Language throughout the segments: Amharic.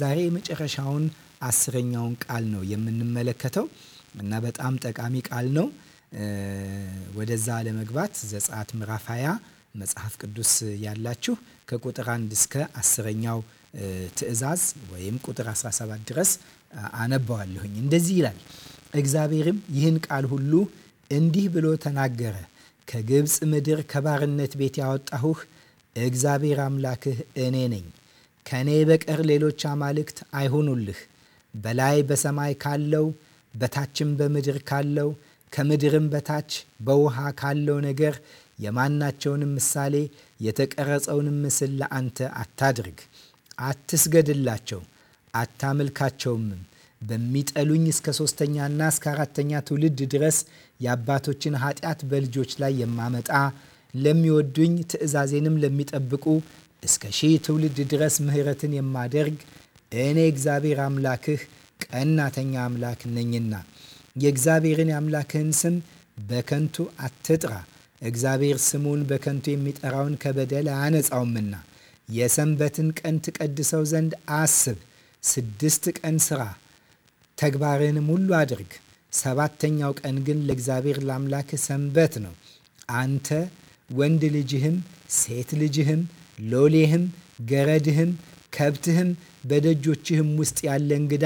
ዛሬ የመጨረሻውን አስረኛውን ቃል ነው የምንመለከተው እና በጣም ጠቃሚ ቃል ነው። ወደዛ ለመግባት ዘጸአት ምዕራፍ 20 መጽሐፍ ቅዱስ ያላችሁ ከቁጥር 1 እስከ አስረኛው ትእዛዝ ወይም ቁጥር 17 ድረስ አነባዋለሁኝ። እንደዚህ ይላል። እግዚአብሔርም ይህን ቃል ሁሉ እንዲህ ብሎ ተናገረ። ከግብፅ ምድር ከባርነት ቤት ያወጣሁህ እግዚአብሔር አምላክህ እኔ ነኝ። ከእኔ በቀር ሌሎች አማልክት አይሁኑልህ። በላይ በሰማይ ካለው በታችም በምድር ካለው ከምድርም በታች በውሃ ካለው ነገር የማናቸውንም ምሳሌ የተቀረጸውንም ምስል ለአንተ አታድርግ። አትስገድላቸው፣ አታምልካቸውምም። በሚጠሉኝ እስከ ሶስተኛና እስከ አራተኛ ትውልድ ድረስ የአባቶችን ኃጢአት በልጆች ላይ የማመጣ ለሚወዱኝ ትእዛዜንም ለሚጠብቁ እስከ ሺህ ትውልድ ድረስ ምሕረትን የማደርግ እኔ እግዚአብሔር አምላክህ ቀናተኛ አምላክ ነኝና የእግዚአብሔርን የአምላክህን ስም በከንቱ አትጥራ። እግዚአብሔር ስሙን በከንቱ የሚጠራውን ከበደል አያነጻውምና የሰንበትን ቀን ትቀድሰው ዘንድ አስብ። ስድስት ቀን ስራ፣ ተግባርህንም ሁሉ አድርግ። ሰባተኛው ቀን ግን ለእግዚአብሔር ለአምላክህ ሰንበት ነው። አንተ ወንድ ልጅህም ሴት ልጅህም ሎሌህም ገረድህም ከብትህም በደጆችህም ውስጥ ያለ እንግዳ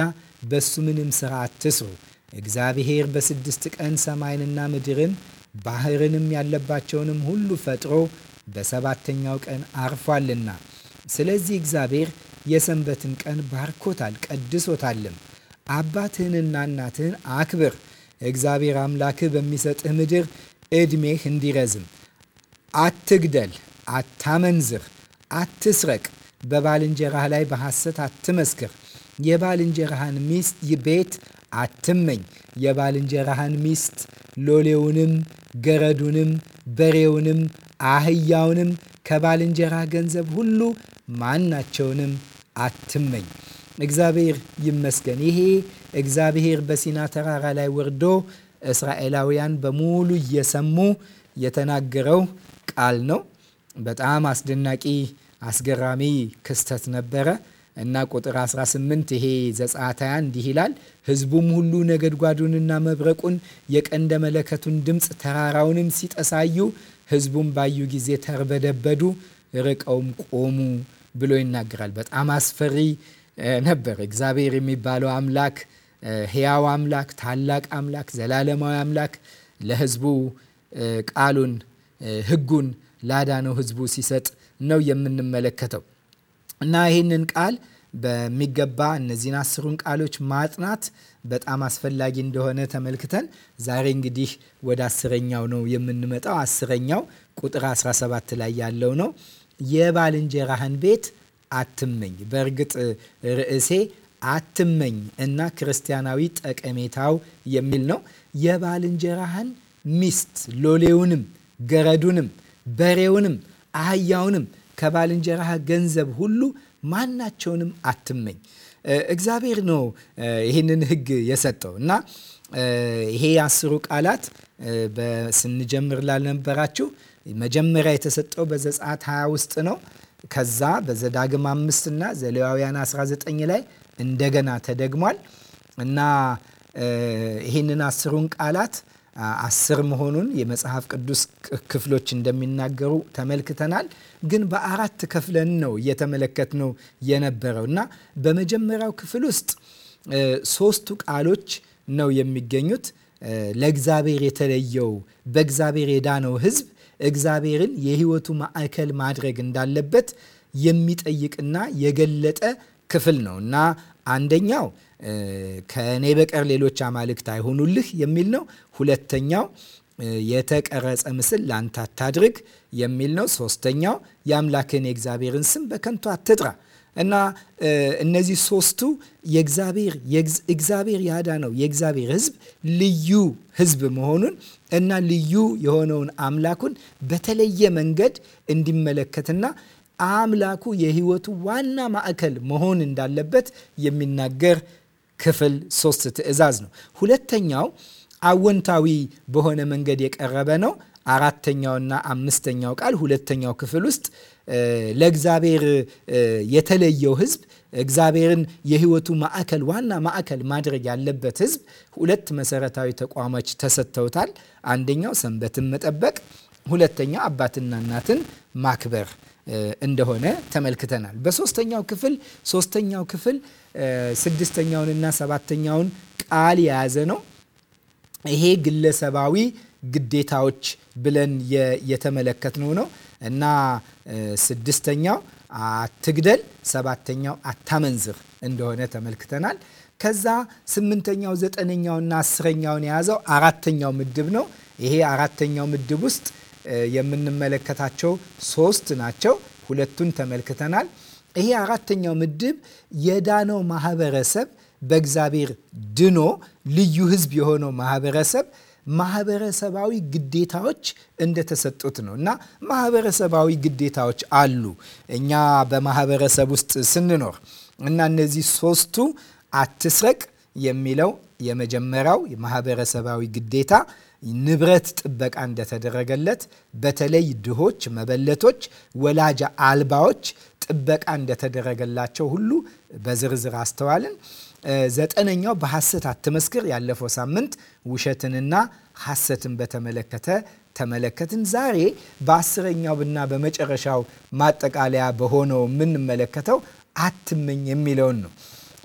በሱ ምንም ሥራ አትስሩ። እግዚአብሔር በስድስት ቀን ሰማይንና ምድርን ባህርንም ያለባቸውንም ሁሉ ፈጥሮ በሰባተኛው ቀን አርፏልና። ስለዚህ እግዚአብሔር የሰንበትን ቀን ባርኮታል ቀድሶታልም። አባትህንና እናትህን አክብር፣ እግዚአብሔር አምላክህ በሚሰጥህ ምድር ዕድሜህ እንዲረዝም። አትግደል፣ አታመንዝር አትስረቅ፣ በባልንጀራህ ላይ በሐሰት አትመስክር፣ የባልንጀራህን ሚስት ቤት አትመኝ፣ የባልንጀራህን ሚስት ሎሌውንም፣ ገረዱንም፣ በሬውንም፣ አህያውንም ከባልንጀራ ገንዘብ ሁሉ ማናቸውንም አትመኝ። እግዚአብሔር ይመስገን። ይሄ እግዚአብሔር በሲና ተራራ ላይ ወርዶ እስራኤላውያን በሙሉ እየሰሙ የተናገረው ቃል ነው። በጣም አስደናቂ አስገራሚ ክስተት ነበረ እና ቁጥር 18 ይሄ ዘጸአት እንዲህ ይላል። ህዝቡም ሁሉ ነጎድጓዱንና መብረቁን የቀንደ መለከቱን ድምፅ ተራራውንም ሲጠሳዩ ህዝቡም ባዩ ጊዜ ተርበደበዱ፣ ርቀውም ቆሙ ብሎ ይናገራል። በጣም አስፈሪ ነበር። እግዚአብሔር የሚባለው አምላክ ህያው አምላክ፣ ታላቅ አምላክ፣ ዘላለማዊ አምላክ ለህዝቡ ቃሉን ህጉን። ላዳነው ህዝቡ ሲሰጥ ነው የምንመለከተው እና ይህንን ቃል በሚገባ እነዚህን አስሩን ቃሎች ማጥናት በጣም አስፈላጊ እንደሆነ ተመልክተን ዛሬ እንግዲህ ወደ አስረኛው ነው የምንመጣው። አስረኛው ቁጥር 17 ላይ ያለው ነው። የባልንጀራህን ቤት አትመኝ። በእርግጥ ርዕሴ አትመኝ እና ክርስቲያናዊ ጠቀሜታው የሚል ነው። የባልንጀራህን ሚስት ሎሌውንም ገረዱንም በሬውንም አህያውንም ከባልንጀራህ ገንዘብ ሁሉ ማናቸውንም አትመኝ። እግዚአብሔር ነው ይህንን ሕግ የሰጠው እና ይሄ አስሩ ቃላት ስንጀምር ላልነበራችሁ መጀመሪያ የተሰጠው በዘጸአት 20 ውስጥ ነው። ከዛ በዘዳግም አምስት እና ዘሌዋውያን 19 ላይ እንደገና ተደግሟል እና ይህንን አስሩን ቃላት አስር መሆኑን የመጽሐፍ ቅዱስ ክፍሎች እንደሚናገሩ ተመልክተናል። ግን በአራት ከፍለን ነው ነው የነበረው እና በመጀመሪያው ክፍል ውስጥ ሶስቱ ቃሎች ነው የሚገኙት። ለእግዚአብሔር የተለየው በእግዚአብሔር የዳነው ሕዝብ እግዚአብሔርን የሕይወቱ ማዕከል ማድረግ እንዳለበት የሚጠይቅና የገለጠ ክፍል ነው እና አንደኛው ከእኔ በቀር ሌሎች አማልክት አይሆኑልህ የሚል ነው። ሁለተኛው የተቀረጸ ምስል ለአንተ አታድርግ የሚል ነው። ሶስተኛው የአምላክን የእግዚአብሔርን ስም በከንቱ አትጥራ እና እነዚህ ሶስቱ የእግዚአብሔር እግዚአብሔር ነው የእግዚአብሔር ሕዝብ ልዩ ሕዝብ መሆኑን እና ልዩ የሆነውን አምላኩን በተለየ መንገድ እንዲመለከትና አምላኩ የህይወቱ ዋና ማዕከል መሆን እንዳለበት የሚናገር ክፍል ሶስት ትእዛዝ ነው። ሁለተኛው አወንታዊ በሆነ መንገድ የቀረበ ነው። አራተኛውና አምስተኛው ቃል ሁለተኛው ክፍል ውስጥ ለእግዚአብሔር የተለየው ሕዝብ እግዚአብሔርን የህይወቱ ማዕከል ዋና ማዕከል ማድረግ ያለበት ሕዝብ ሁለት መሰረታዊ ተቋሞች ተሰጥተውታል። አንደኛው ሰንበትን መጠበቅ፣ ሁለተኛው አባትና እናትን ማክበር እንደሆነ ተመልክተናል። በሶስተኛው ክፍል ሶስተኛው ክፍል ስድስተኛውንና ሰባተኛውን ቃል የያዘ ነው። ይሄ ግለሰባዊ ግዴታዎች ብለን የተመለከትነው ነው እና ስድስተኛው አትግደል፣ ሰባተኛው አታመንዝር እንደሆነ ተመልክተናል። ከዛ ስምንተኛው ዘጠነኛውና አስረኛውን የያዘው አራተኛው ምድብ ነው። ይሄ አራተኛው ምድብ ውስጥ የምንመለከታቸው ሶስት ናቸው። ሁለቱን ተመልክተናል። ይሄ አራተኛው ምድብ የዳነው ማህበረሰብ በእግዚአብሔር ድኖ ልዩ ህዝብ የሆነው ማህበረሰብ ማህበረሰባዊ ግዴታዎች እንደተሰጡት ነው እና ማህበረሰባዊ ግዴታዎች አሉ። እኛ በማህበረሰብ ውስጥ ስንኖር እና እነዚህ ሶስቱ አትስረቅ የሚለው የመጀመሪያው ማህበረሰባዊ ግዴታ ንብረት ጥበቃ እንደተደረገለት በተለይ ድሆች፣ መበለቶች፣ ወላጅ አልባዎች ጥበቃ እንደተደረገላቸው ሁሉ በዝርዝር አስተዋልን። ዘጠነኛው በሐሰት አትመስክር። ያለፈው ሳምንት ውሸትንና ሐሰትን በተመለከተ ተመለከትን። ዛሬ በአስረኛውና በመጨረሻው ማጠቃለያ በሆነው የምንመለከተው አትመኝ የሚለውን ነው።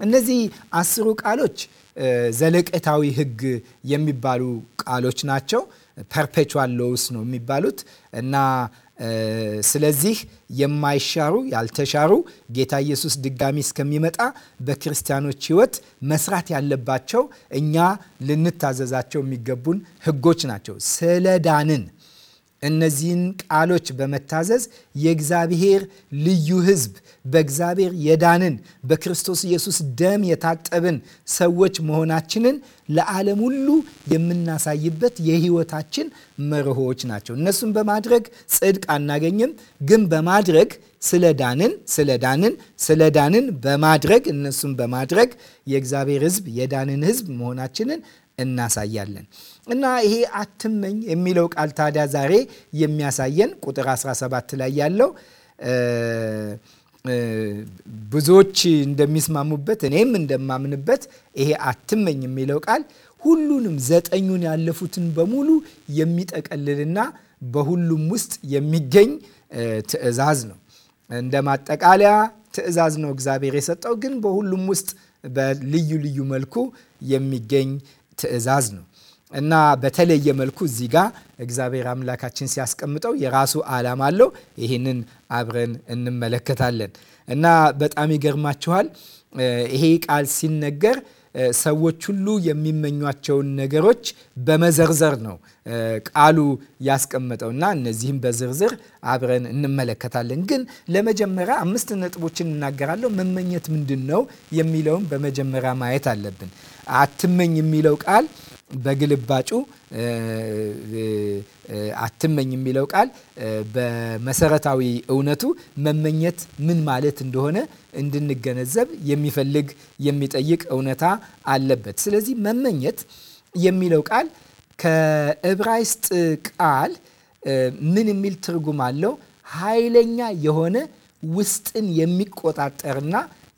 እነዚህ አስሩ ቃሎች ዘለቀታዊ ህግ የሚባሉ ቃሎች ናቸው። ፐርፔቹዋል ሎውስ ነው የሚባሉት እና ስለዚህ የማይሻሩ ያልተሻሩ ጌታ ኢየሱስ ድጋሚ እስከሚመጣ በክርስቲያኖች ህይወት መስራት ያለባቸው እኛ ልንታዘዛቸው የሚገቡን ህጎች ናቸው። ስለዳንን እነዚህን ቃሎች በመታዘዝ የእግዚአብሔር ልዩ ሕዝብ በእግዚአብሔር የዳንን በክርስቶስ ኢየሱስ ደም የታጠብን ሰዎች መሆናችንን ለዓለም ሁሉ የምናሳይበት የሕይወታችን መርሆዎች ናቸው። እነሱን በማድረግ ጽድቅ አናገኝም፣ ግን በማድረግ ስለ ዳንን ስለ ዳንን ስለ ዳንን በማድረግ እነሱን በማድረግ የእግዚአብሔር ሕዝብ የዳንን ሕዝብ መሆናችንን እናሳያለን። እና ይሄ አትመኝ የሚለው ቃል ታዲያ ዛሬ የሚያሳየን ቁጥር 17 ላይ ያለው ብዙዎች እንደሚስማሙበት እኔም እንደማምንበት ይሄ አትመኝ የሚለው ቃል ሁሉንም ዘጠኙን ያለፉትን በሙሉ የሚጠቀልልና በሁሉም ውስጥ የሚገኝ ትዕዛዝ ነው። እንደ ማጠቃለያ ትዕዛዝ ነው እግዚአብሔር የሰጠው፣ ግን በሁሉም ውስጥ በልዩ ልዩ መልኩ የሚገኝ ትዕዛዝ ነው። እና በተለየ መልኩ እዚህ ጋር እግዚአብሔር አምላካችን ሲያስቀምጠው የራሱ ዓላማ አለው። ይህንን አብረን እንመለከታለን እና በጣም ይገርማችኋል። ይሄ ቃል ሲነገር ሰዎች ሁሉ የሚመኟቸውን ነገሮች በመዘርዘር ነው ቃሉ ያስቀመጠው እና እነዚህም በዝርዝር አብረን እንመለከታለን። ግን ለመጀመሪያ አምስት ነጥቦችን እናገራለሁ። መመኘት ምንድን ነው የሚለውን በመጀመሪያ ማየት አለብን። አትመኝ የሚለው ቃል በግልባጩ አትመኝ የሚለው ቃል በመሰረታዊ እውነቱ መመኘት ምን ማለት እንደሆነ እንድንገነዘብ የሚፈልግ የሚጠይቅ እውነታ አለበት። ስለዚህ መመኘት የሚለው ቃል ከዕብራይስጥ ቃል ምን የሚል ትርጉም አለው? ኃይለኛ የሆነ ውስጥን የሚቆጣጠርና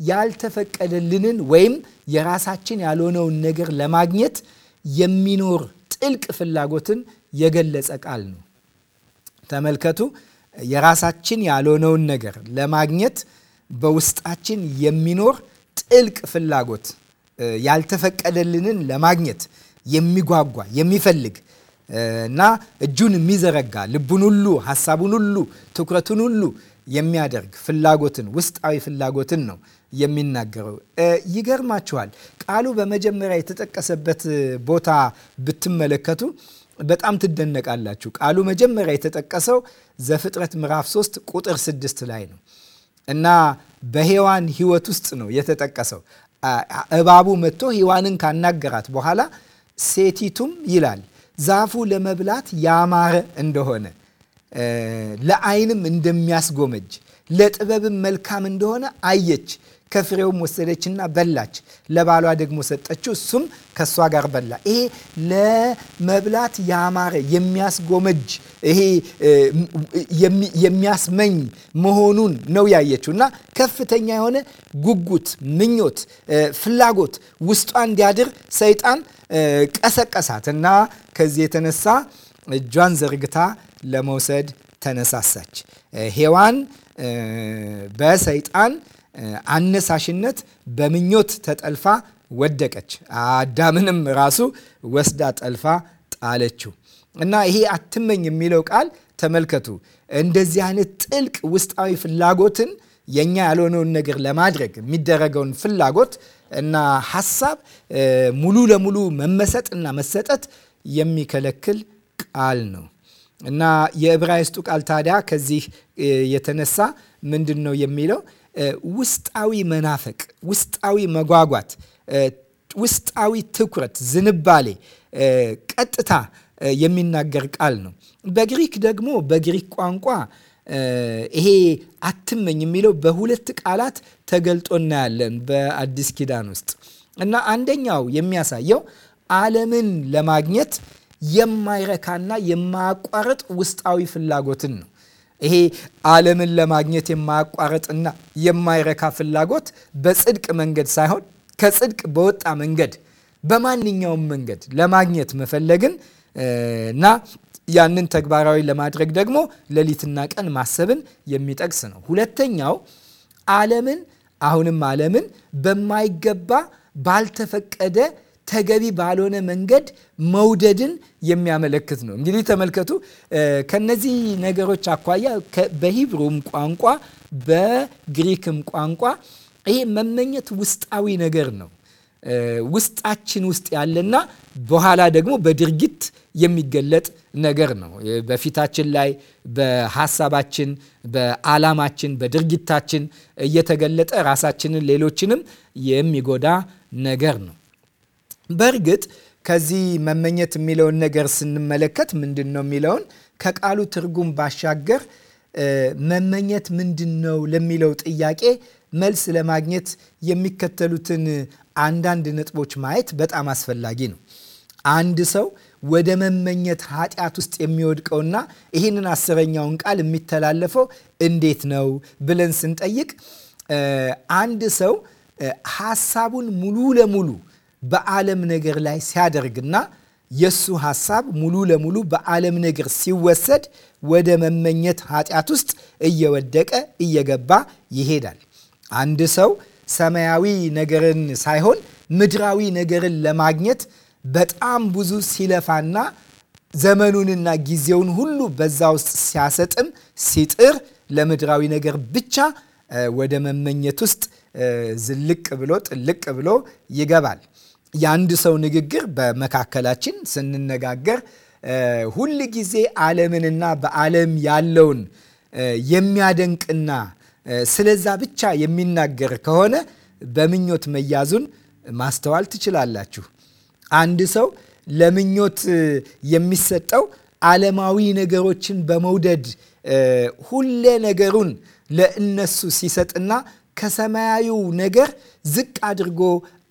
ያልተፈቀደልንን ወይም የራሳችን ያልሆነውን ነገር ለማግኘት የሚኖር ጥልቅ ፍላጎትን የገለጸ ቃል ነው። ተመልከቱ። የራሳችን ያልሆነውን ነገር ለማግኘት በውስጣችን የሚኖር ጥልቅ ፍላጎት ያልተፈቀደልንን ለማግኘት የሚጓጓ የሚፈልግ እና እጁን የሚዘረጋ ልቡን ሁሉ ሀሳቡን ሁሉ ትኩረቱን ሁሉ የሚያደርግ ፍላጎትን ውስጣዊ ፍላጎትን ነው የሚናገረው ይገርማችኋል። ቃሉ በመጀመሪያ የተጠቀሰበት ቦታ ብትመለከቱ በጣም ትደነቃላችሁ። ቃሉ መጀመሪያ የተጠቀሰው ዘፍጥረት ምዕራፍ 3 ቁጥር 6 ላይ ነው እና በሔዋን ሕይወት ውስጥ ነው የተጠቀሰው። እባቡ መጥቶ ሔዋንን ካናገራት በኋላ ሴቲቱም ይላል ዛፉ ለመብላት ያማረ እንደሆነ ለዓይንም እንደሚያስጎመጅ ለጥበብም መልካም እንደሆነ አየች ከፍሬውም ወሰደችና በላች፣ ለባሏ ደግሞ ሰጠችው፣ እሱም ከእሷ ጋር በላ። ይሄ ለመብላት ያማረ የሚያስጎመጅ ይሄ የሚያስመኝ መሆኑን ነው ያየችው እና ከፍተኛ የሆነ ጉጉት፣ ምኞት፣ ፍላጎት ውስጧ እንዲያድር ሰይጣን ቀሰቀሳት እና ከዚህ የተነሳ እጇን ዘርግታ ለመውሰድ ተነሳሳች ሔዋን በሰይጣን አነሳሽነት በምኞት ተጠልፋ ወደቀች። አዳምንም ራሱ ወስዳ ጠልፋ ጣለችው እና ይሄ አትመኝ የሚለው ቃል ተመልከቱ፣ እንደዚህ አይነት ጥልቅ ውስጣዊ ፍላጎትን የእኛ ያልሆነውን ነገር ለማድረግ የሚደረገውን ፍላጎት እና ሀሳብ ሙሉ ለሙሉ መመሰጥ እና መሰጠት የሚከለክል ቃል ነው እና የዕብራይስጡ ቃል ታዲያ ከዚህ የተነሳ ምንድን ነው የሚለው ውስጣዊ መናፈቅ፣ ውስጣዊ መጓጓት፣ ውስጣዊ ትኩረት፣ ዝንባሌ ቀጥታ የሚናገር ቃል ነው። በግሪክ ደግሞ በግሪክ ቋንቋ ይሄ አትመኝ የሚለው በሁለት ቃላት ተገልጦ እናያለን በአዲስ ኪዳን ውስጥ እና አንደኛው የሚያሳየው ዓለምን ለማግኘት የማይረካና የማያቋርጥ ውስጣዊ ፍላጎትን ነው። ይሄ ዓለምን ለማግኘት የማያቋረጥና የማይረካ ፍላጎት በጽድቅ መንገድ ሳይሆን ከጽድቅ በወጣ መንገድ በማንኛውም መንገድ ለማግኘት መፈለግን እና ያንን ተግባራዊ ለማድረግ ደግሞ ሌሊትና ቀን ማሰብን የሚጠቅስ ነው። ሁለተኛው ዓለምን አሁንም ዓለምን በማይገባ ባልተፈቀደ ተገቢ ባልሆነ መንገድ መውደድን የሚያመለክት ነው። እንግዲህ ተመልከቱ። ከነዚህ ነገሮች አኳያ በሂብሩም ቋንቋ በግሪክም ቋንቋ ይሄ መመኘት ውስጣዊ ነገር ነው። ውስጣችን ውስጥ ያለና በኋላ ደግሞ በድርጊት የሚገለጥ ነገር ነው። በፊታችን ላይ በሀሳባችን፣ በዓላማችን፣ በድርጊታችን እየተገለጠ ራሳችንን ሌሎችንም የሚጎዳ ነገር ነው። በእርግጥ ከዚህ መመኘት የሚለውን ነገር ስንመለከት ምንድን ነው የሚለውን ከቃሉ ትርጉም ባሻገር መመኘት ምንድን ነው ለሚለው ጥያቄ መልስ ለማግኘት የሚከተሉትን አንዳንድ ነጥቦች ማየት በጣም አስፈላጊ ነው። አንድ ሰው ወደ መመኘት ኃጢአት ውስጥ የሚወድቀውና ይህንን አስረኛውን ቃል የሚተላለፈው እንዴት ነው ብለን ስንጠይቅ አንድ ሰው ሀሳቡን ሙሉ ለሙሉ በዓለም ነገር ላይ ሲያደርግና የእሱ ሐሳብ ሙሉ ለሙሉ በዓለም ነገር ሲወሰድ ወደ መመኘት ኃጢአት ውስጥ እየወደቀ እየገባ ይሄዳል። አንድ ሰው ሰማያዊ ነገርን ሳይሆን ምድራዊ ነገርን ለማግኘት በጣም ብዙ ሲለፋና ዘመኑንና ጊዜውን ሁሉ በዛ ውስጥ ሲያሰጥም ሲጥር ለምድራዊ ነገር ብቻ ወደ መመኘት ውስጥ ዝልቅ ብሎ ጥልቅ ብሎ ይገባል። የአንድ ሰው ንግግር በመካከላችን ስንነጋገር ሁል ጊዜ ዓለምንና በዓለም ያለውን የሚያደንቅና ስለዛ ብቻ የሚናገር ከሆነ በምኞት መያዙን ማስተዋል ትችላላችሁ። አንድ ሰው ለምኞት የሚሰጠው ዓለማዊ ነገሮችን በመውደድ ሁሌ ነገሩን ለእነሱ ሲሰጥና ከሰማያዊው ነገር ዝቅ አድርጎ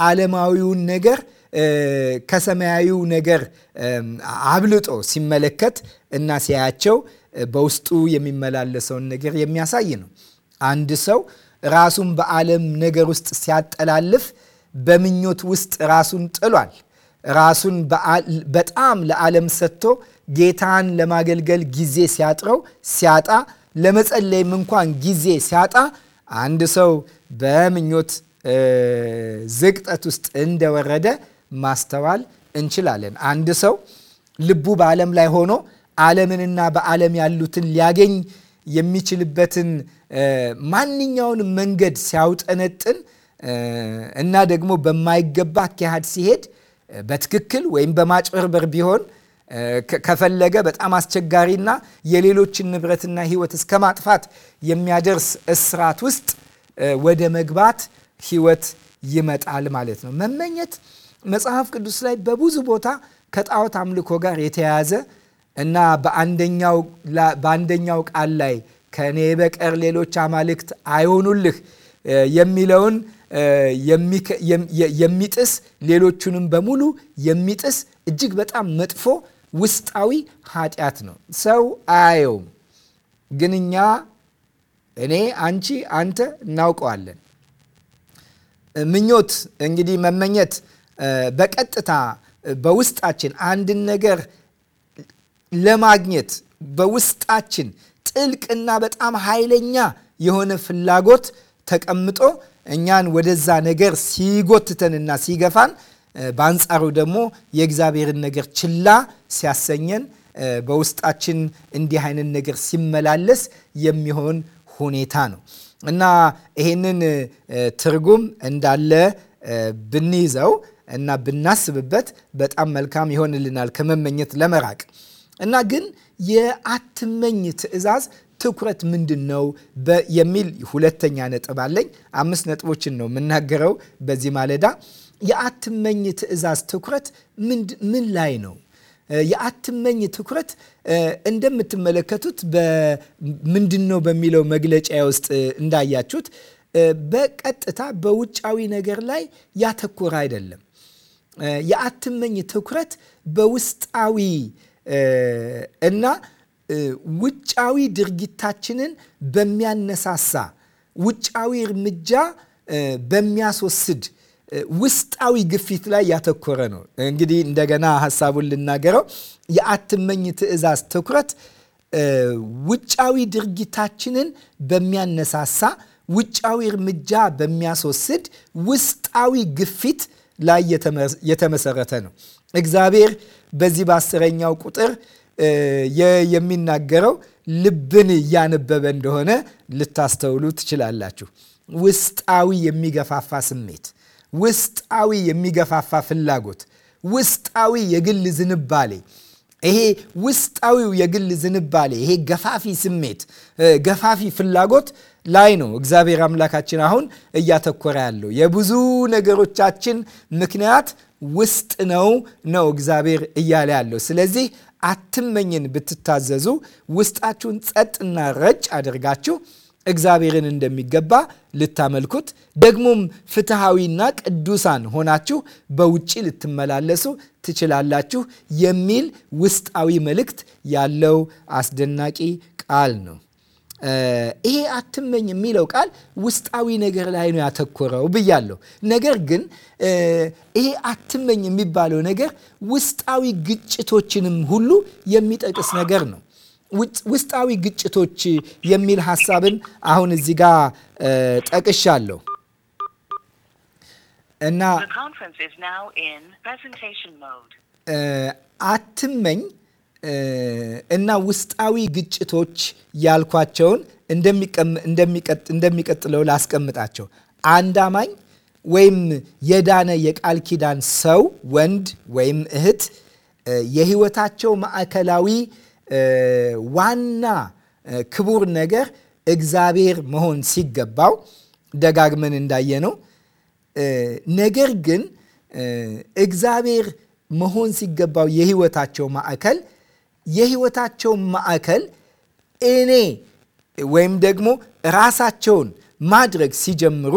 ዓለማዊውን ነገር ከሰማያዊው ነገር አብልጦ ሲመለከት እና ሲያያቸው በውስጡ የሚመላለሰውን ነገር የሚያሳይ ነው። አንድ ሰው ራሱን በዓለም ነገር ውስጥ ሲያጠላልፍ በምኞት ውስጥ ራሱን ጥሏል። ራሱን በጣም ለዓለም ሰጥቶ ጌታን ለማገልገል ጊዜ ሲያጥረው ሲያጣ ለመጸለይም እንኳን ጊዜ ሲያጣ አንድ ሰው በምኞት ዝቅጠት ውስጥ እንደወረደ ማስተዋል እንችላለን። አንድ ሰው ልቡ በዓለም ላይ ሆኖ ዓለምንና በዓለም ያሉትን ሊያገኝ የሚችልበትን ማንኛውን መንገድ ሲያውጠነጥን እና ደግሞ በማይገባ አካሄድ ሲሄድ በትክክል ወይም በማጭበርበር ቢሆን ከፈለገ በጣም አስቸጋሪና የሌሎችን ንብረትና ህይወት እስከ ማጥፋት የሚያደርስ እስራት ውስጥ ወደ መግባት ህይወት ይመጣል ማለት ነው። መመኘት መጽሐፍ ቅዱስ ላይ በብዙ ቦታ ከጣዖት አምልኮ ጋር የተያያዘ እና በአንደኛው ቃል ላይ ከእኔ በቀር ሌሎች አማልክት አይሆኑልህ የሚለውን የሚጥስ ሌሎቹንም በሙሉ የሚጥስ እጅግ በጣም መጥፎ ውስጣዊ ኃጢአት ነው። ሰው አያየውም፣ ግን እኛ እኔ፣ አንቺ፣ አንተ እናውቀዋለን። ምኞት እንግዲህ መመኘት በቀጥታ በውስጣችን አንድን ነገር ለማግኘት በውስጣችን ጥልቅና በጣም ኃይለኛ የሆነ ፍላጎት ተቀምጦ እኛን ወደዛ ነገር ሲጎትተንና ሲገፋን በአንጻሩ ደግሞ የእግዚአብሔርን ነገር ችላ ሲያሰኘን በውስጣችን እንዲህ አይነት ነገር ሲመላለስ የሚሆን ሁኔታ ነው እና ይሄንን ትርጉም እንዳለ ብንይዘው እና ብናስብበት በጣም መልካም ይሆንልናል ከመመኘት ለመራቅ እና ግን የአትመኝ ትዕዛዝ ትኩረት ምንድን ነው የሚል ሁለተኛ ነጥብ አለኝ። አምስት ነጥቦችን ነው የምናገረው በዚህ ማለዳ። የአትመኝ ትእዛዝ ትኩረት ምን ላይ ነው? የአትመኝ ትኩረት እንደምትመለከቱት ምንድን ነው በሚለው መግለጫ ውስጥ እንዳያችሁት በቀጥታ በውጫዊ ነገር ላይ ያተኮረ አይደለም። የአትመኝ ትኩረት በውስጣዊ እና ውጫዊ ድርጊታችንን በሚያነሳሳ ውጫዊ እርምጃ በሚያስወስድ ውስጣዊ ግፊት ላይ ያተኮረ ነው። እንግዲህ እንደገና ሀሳቡን ልናገረው። የአትመኝ ትእዛዝ ትኩረት ውጫዊ ድርጊታችንን በሚያነሳሳ ውጫዊ እርምጃ በሚያስወስድ ውስጣዊ ግፊት ላይ የተመሰረተ ነው። እግዚአብሔር በዚህ በአስረኛው ቁጥር የሚናገረው ልብን እያነበበ እንደሆነ ልታስተውሉ ትችላላችሁ። ውስጣዊ የሚገፋፋ ስሜት ውስጣዊ የሚገፋፋ ፍላጎት፣ ውስጣዊ የግል ዝንባሌ ይሄ ውስጣዊው የግል ዝንባሌ ይሄ ገፋፊ ስሜት ገፋፊ ፍላጎት ላይ ነው እግዚአብሔር አምላካችን አሁን እያተኮረ ያለው። የብዙ ነገሮቻችን ምክንያት ውስጥ ነው ነው እግዚአብሔር እያለ ያለው። ስለዚህ አትመኝን ብትታዘዙ ውስጣችሁን ጸጥና ረጭ አድርጋችሁ እግዚአብሔርን እንደሚገባ ልታመልኩት ደግሞም ፍትሐዊና ቅዱሳን ሆናችሁ በውጭ ልትመላለሱ ትችላላችሁ የሚል ውስጣዊ መልእክት ያለው አስደናቂ ቃል ነው። ይሄ አትመኝ የሚለው ቃል ውስጣዊ ነገር ላይ ነው ያተኮረው ብያለሁ። ነገር ግን ይሄ አትመኝ የሚባለው ነገር ውስጣዊ ግጭቶችንም ሁሉ የሚጠቅስ ነገር ነው። ውስጣዊ ግጭቶች የሚል ሀሳብን አሁን እዚህ ጋር ጠቅሻለሁ እና አትመኝ እና ውስጣዊ ግጭቶች ያልኳቸውን እንደሚቀጥለው ላስቀምጣቸው። አንድ አማኝ ወይም የዳነ የቃል ኪዳን ሰው ወንድ ወይም እህት የህይወታቸው ማዕከላዊ ዋና ክቡር ነገር እግዚአብሔር መሆን ሲገባው ደጋግመን እንዳየ ነው ነገር ግን እግዚአብሔር መሆን ሲገባው የህይወታቸው ማዕከል የህይወታቸው ማዕከል እኔ ወይም ደግሞ ራሳቸውን ማድረግ ሲጀምሩ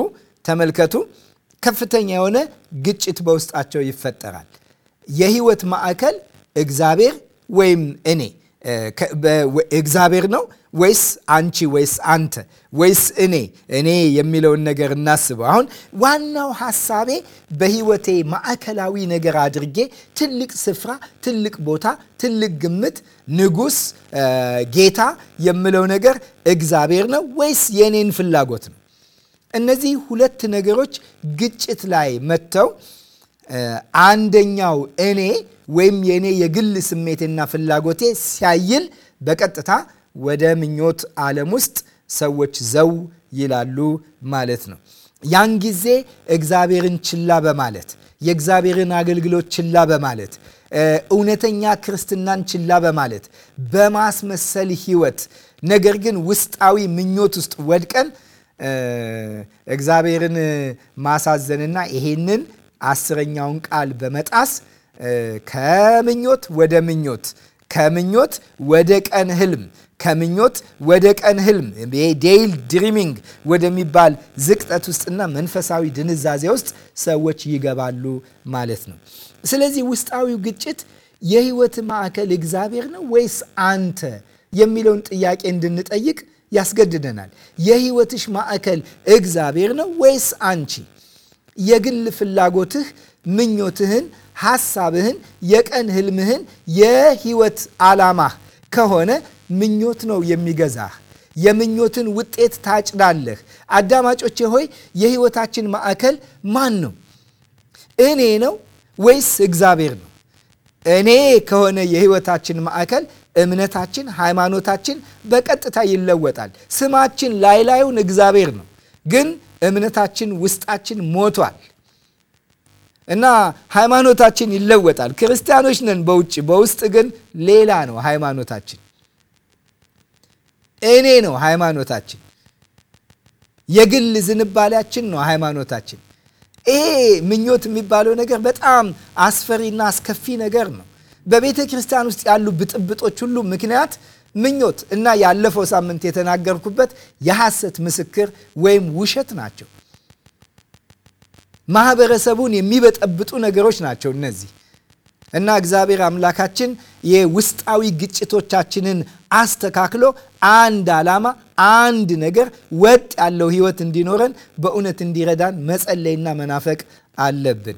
ተመልከቱ፣ ከፍተኛ የሆነ ግጭት በውስጣቸው ይፈጠራል። የህይወት ማዕከል እግዚአብሔር ወይም እኔ እግዚአብሔር ነው ወይስ አንቺ ወይስ አንተ ወይስ እኔ እኔ የሚለውን ነገር እናስበው። አሁን ዋናው ሀሳቤ በህይወቴ ማዕከላዊ ነገር አድርጌ ትልቅ ስፍራ፣ ትልቅ ቦታ፣ ትልቅ ግምት፣ ንጉስ፣ ጌታ የምለው ነገር እግዚአብሔር ነው ወይስ የእኔን ፍላጎት ነው? እነዚህ ሁለት ነገሮች ግጭት ላይ መጥተው አንደኛው እኔ ወይም የእኔ የግል ስሜቴና ፍላጎቴ ሲያይል በቀጥታ ወደ ምኞት ዓለም ውስጥ ሰዎች ዘው ይላሉ ማለት ነው። ያን ጊዜ እግዚአብሔርን ችላ በማለት የእግዚአብሔርን አገልግሎት ችላ በማለት እውነተኛ ክርስትናን ችላ በማለት በማስመሰል ሕይወት ነገር ግን ውስጣዊ ምኞት ውስጥ ወድቀን እግዚአብሔርን ማሳዘንና ይሄንን አስረኛውን ቃል በመጣስ ከምኞት ወደ ምኞት፣ ከምኞት ወደ ቀን ህልም፣ ከምኞት ወደ ቀን ህልም ዴይል ድሪሚንግ ወደሚባል ዝቅጠት ውስጥና መንፈሳዊ ድንዛዜ ውስጥ ሰዎች ይገባሉ ማለት ነው። ስለዚህ ውስጣዊው ግጭት የህይወት ማዕከል እግዚአብሔር ነው ወይስ አንተ የሚለውን ጥያቄ እንድንጠይቅ ያስገድደናል። የህይወትሽ ማዕከል እግዚአብሔር ነው ወይስ አንቺ? የግል ፍላጎትህ ምኞትህን ሀሳብህን፣ የቀን ህልምህን፣ የህይወት አላማ ከሆነ ምኞት ነው የሚገዛህ። የምኞትን ውጤት ታጭዳለህ። አዳማጮቼ ሆይ የህይወታችን ማዕከል ማን ነው? እኔ ነው ወይስ እግዚአብሔር ነው? እኔ ከሆነ የህይወታችን ማዕከል እምነታችን፣ ሃይማኖታችን በቀጥታ ይለወጣል። ስማችን ላይ ላዩን እግዚአብሔር ነው፣ ግን እምነታችን ውስጣችን ሞቷል። እና ሃይማኖታችን ይለወጣል። ክርስቲያኖች ነን በውጭ በውስጥ ግን ሌላ ነው ሃይማኖታችን። እኔ ነው ሃይማኖታችን። የግል ዝንባሌያችን ነው ሃይማኖታችን። ይሄ ምኞት የሚባለው ነገር በጣም አስፈሪና አስከፊ ነገር ነው። በቤተ ክርስቲያን ውስጥ ያሉ ብጥብጦች ሁሉ ምክንያት ምኞት እና ያለፈው ሳምንት የተናገርኩበት የሐሰት ምስክር ወይም ውሸት ናቸው። ማህበረሰቡን የሚበጠብጡ ነገሮች ናቸው እነዚህ እና እግዚአብሔር አምላካችን የውስጣዊ ግጭቶቻችንን አስተካክሎ አንድ ዓላማ፣ አንድ ነገር ወጥ ያለው ህይወት እንዲኖረን በእውነት እንዲረዳን መጸለይና መናፈቅ አለብን።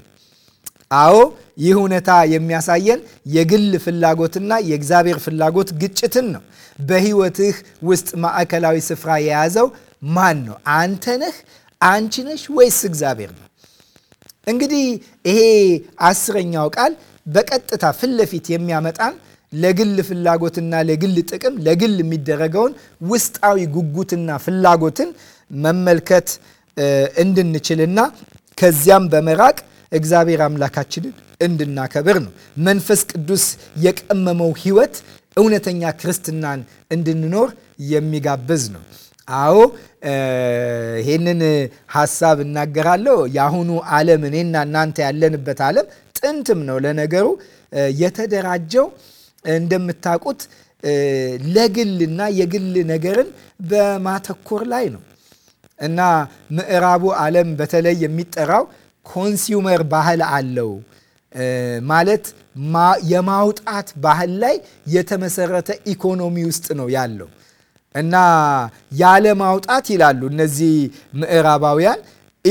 አዎ ይህ እውነታ የሚያሳየን የግል ፍላጎትና የእግዚአብሔር ፍላጎት ግጭትን ነው። በህይወትህ ውስጥ ማዕከላዊ ስፍራ የያዘው ማን ነው? አንተ ነህ? አንቺ ነሽ? ወይስ እግዚአብሔር ነው? እንግዲህ ይሄ አስረኛው ቃል በቀጥታ ፊት ለፊት የሚያመጣን ለግል ፍላጎትና ለግል ጥቅም ለግል የሚደረገውን ውስጣዊ ጉጉትና ፍላጎትን መመልከት እንድንችልና ከዚያም በመራቅ እግዚአብሔር አምላካችንን እንድናከብር ነው። መንፈስ ቅዱስ የቀመመው ሕይወት እውነተኛ ክርስትናን እንድንኖር የሚጋብዝ ነው። አዎ ይህንን ሀሳብ እናገራለሁ። የአሁኑ ዓለም እኔና እናንተ ያለንበት ዓለም ጥንትም ነው ለነገሩ የተደራጀው እንደምታውቁት ለግልና የግል ነገርን በማተኮር ላይ ነው እና ምዕራቡ ዓለም በተለይ የሚጠራው ኮንሱመር ባህል አለው ማለት የማውጣት ባህል ላይ የተመሰረተ ኢኮኖሚ ውስጥ ነው ያለው እና ያለ ማውጣት ይላሉ እነዚህ ምዕራባውያን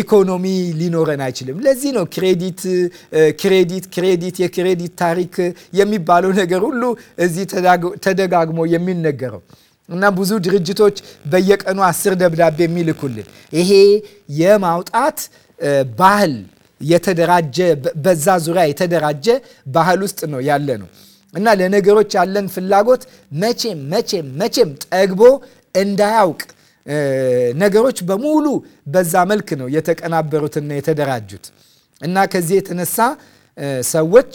ኢኮኖሚ ሊኖረን አይችልም። ለዚህ ነው ክሬዲት ክሬዲት ክሬዲት የክሬዲት ታሪክ የሚባለው ነገር ሁሉ እዚህ ተደጋግሞ የሚነገረው እና ብዙ ድርጅቶች በየቀኑ አስር ደብዳቤ የሚልኩልን ይሄ የማውጣት ባህል የተደራጀ በዛ ዙሪያ የተደራጀ ባህል ውስጥ ነው ያለ ነው። እና ለነገሮች ያለን ፍላጎት መቼም መቼም መቼም ጠግቦ እንዳያውቅ ነገሮች በሙሉ በዛ መልክ ነው የተቀናበሩትና የተደራጁት እና ከዚህ የተነሳ ሰዎች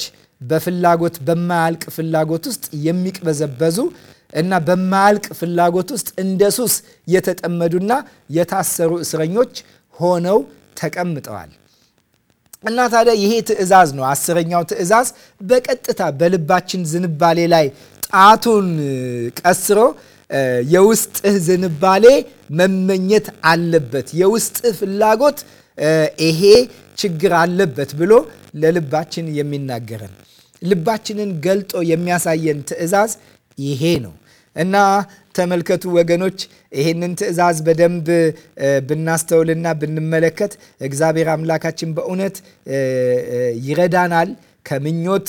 በፍላጎት በማያልቅ ፍላጎት ውስጥ የሚቅበዘበዙ እና በማያልቅ ፍላጎት ውስጥ እንደ ሱስ የተጠመዱና የታሰሩ እስረኞች ሆነው ተቀምጠዋል። እና ታዲያ ይሄ ትእዛዝ ነው። አስረኛው ትእዛዝ በቀጥታ በልባችን ዝንባሌ ላይ ጣቱን ቀስሮ የውስጥህ ዝንባሌ መመኘት አለበት፣ የውስጥህ ፍላጎት ይሄ ችግር አለበት ብሎ ለልባችን የሚናገረን ልባችንን ገልጦ የሚያሳየን ትእዛዝ ይሄ ነው። እና ተመልከቱ ወገኖች ይህንን ትእዛዝ በደንብ ብናስተውልና ብንመለከት እግዚአብሔር አምላካችን በእውነት ይረዳናል። ከምኞት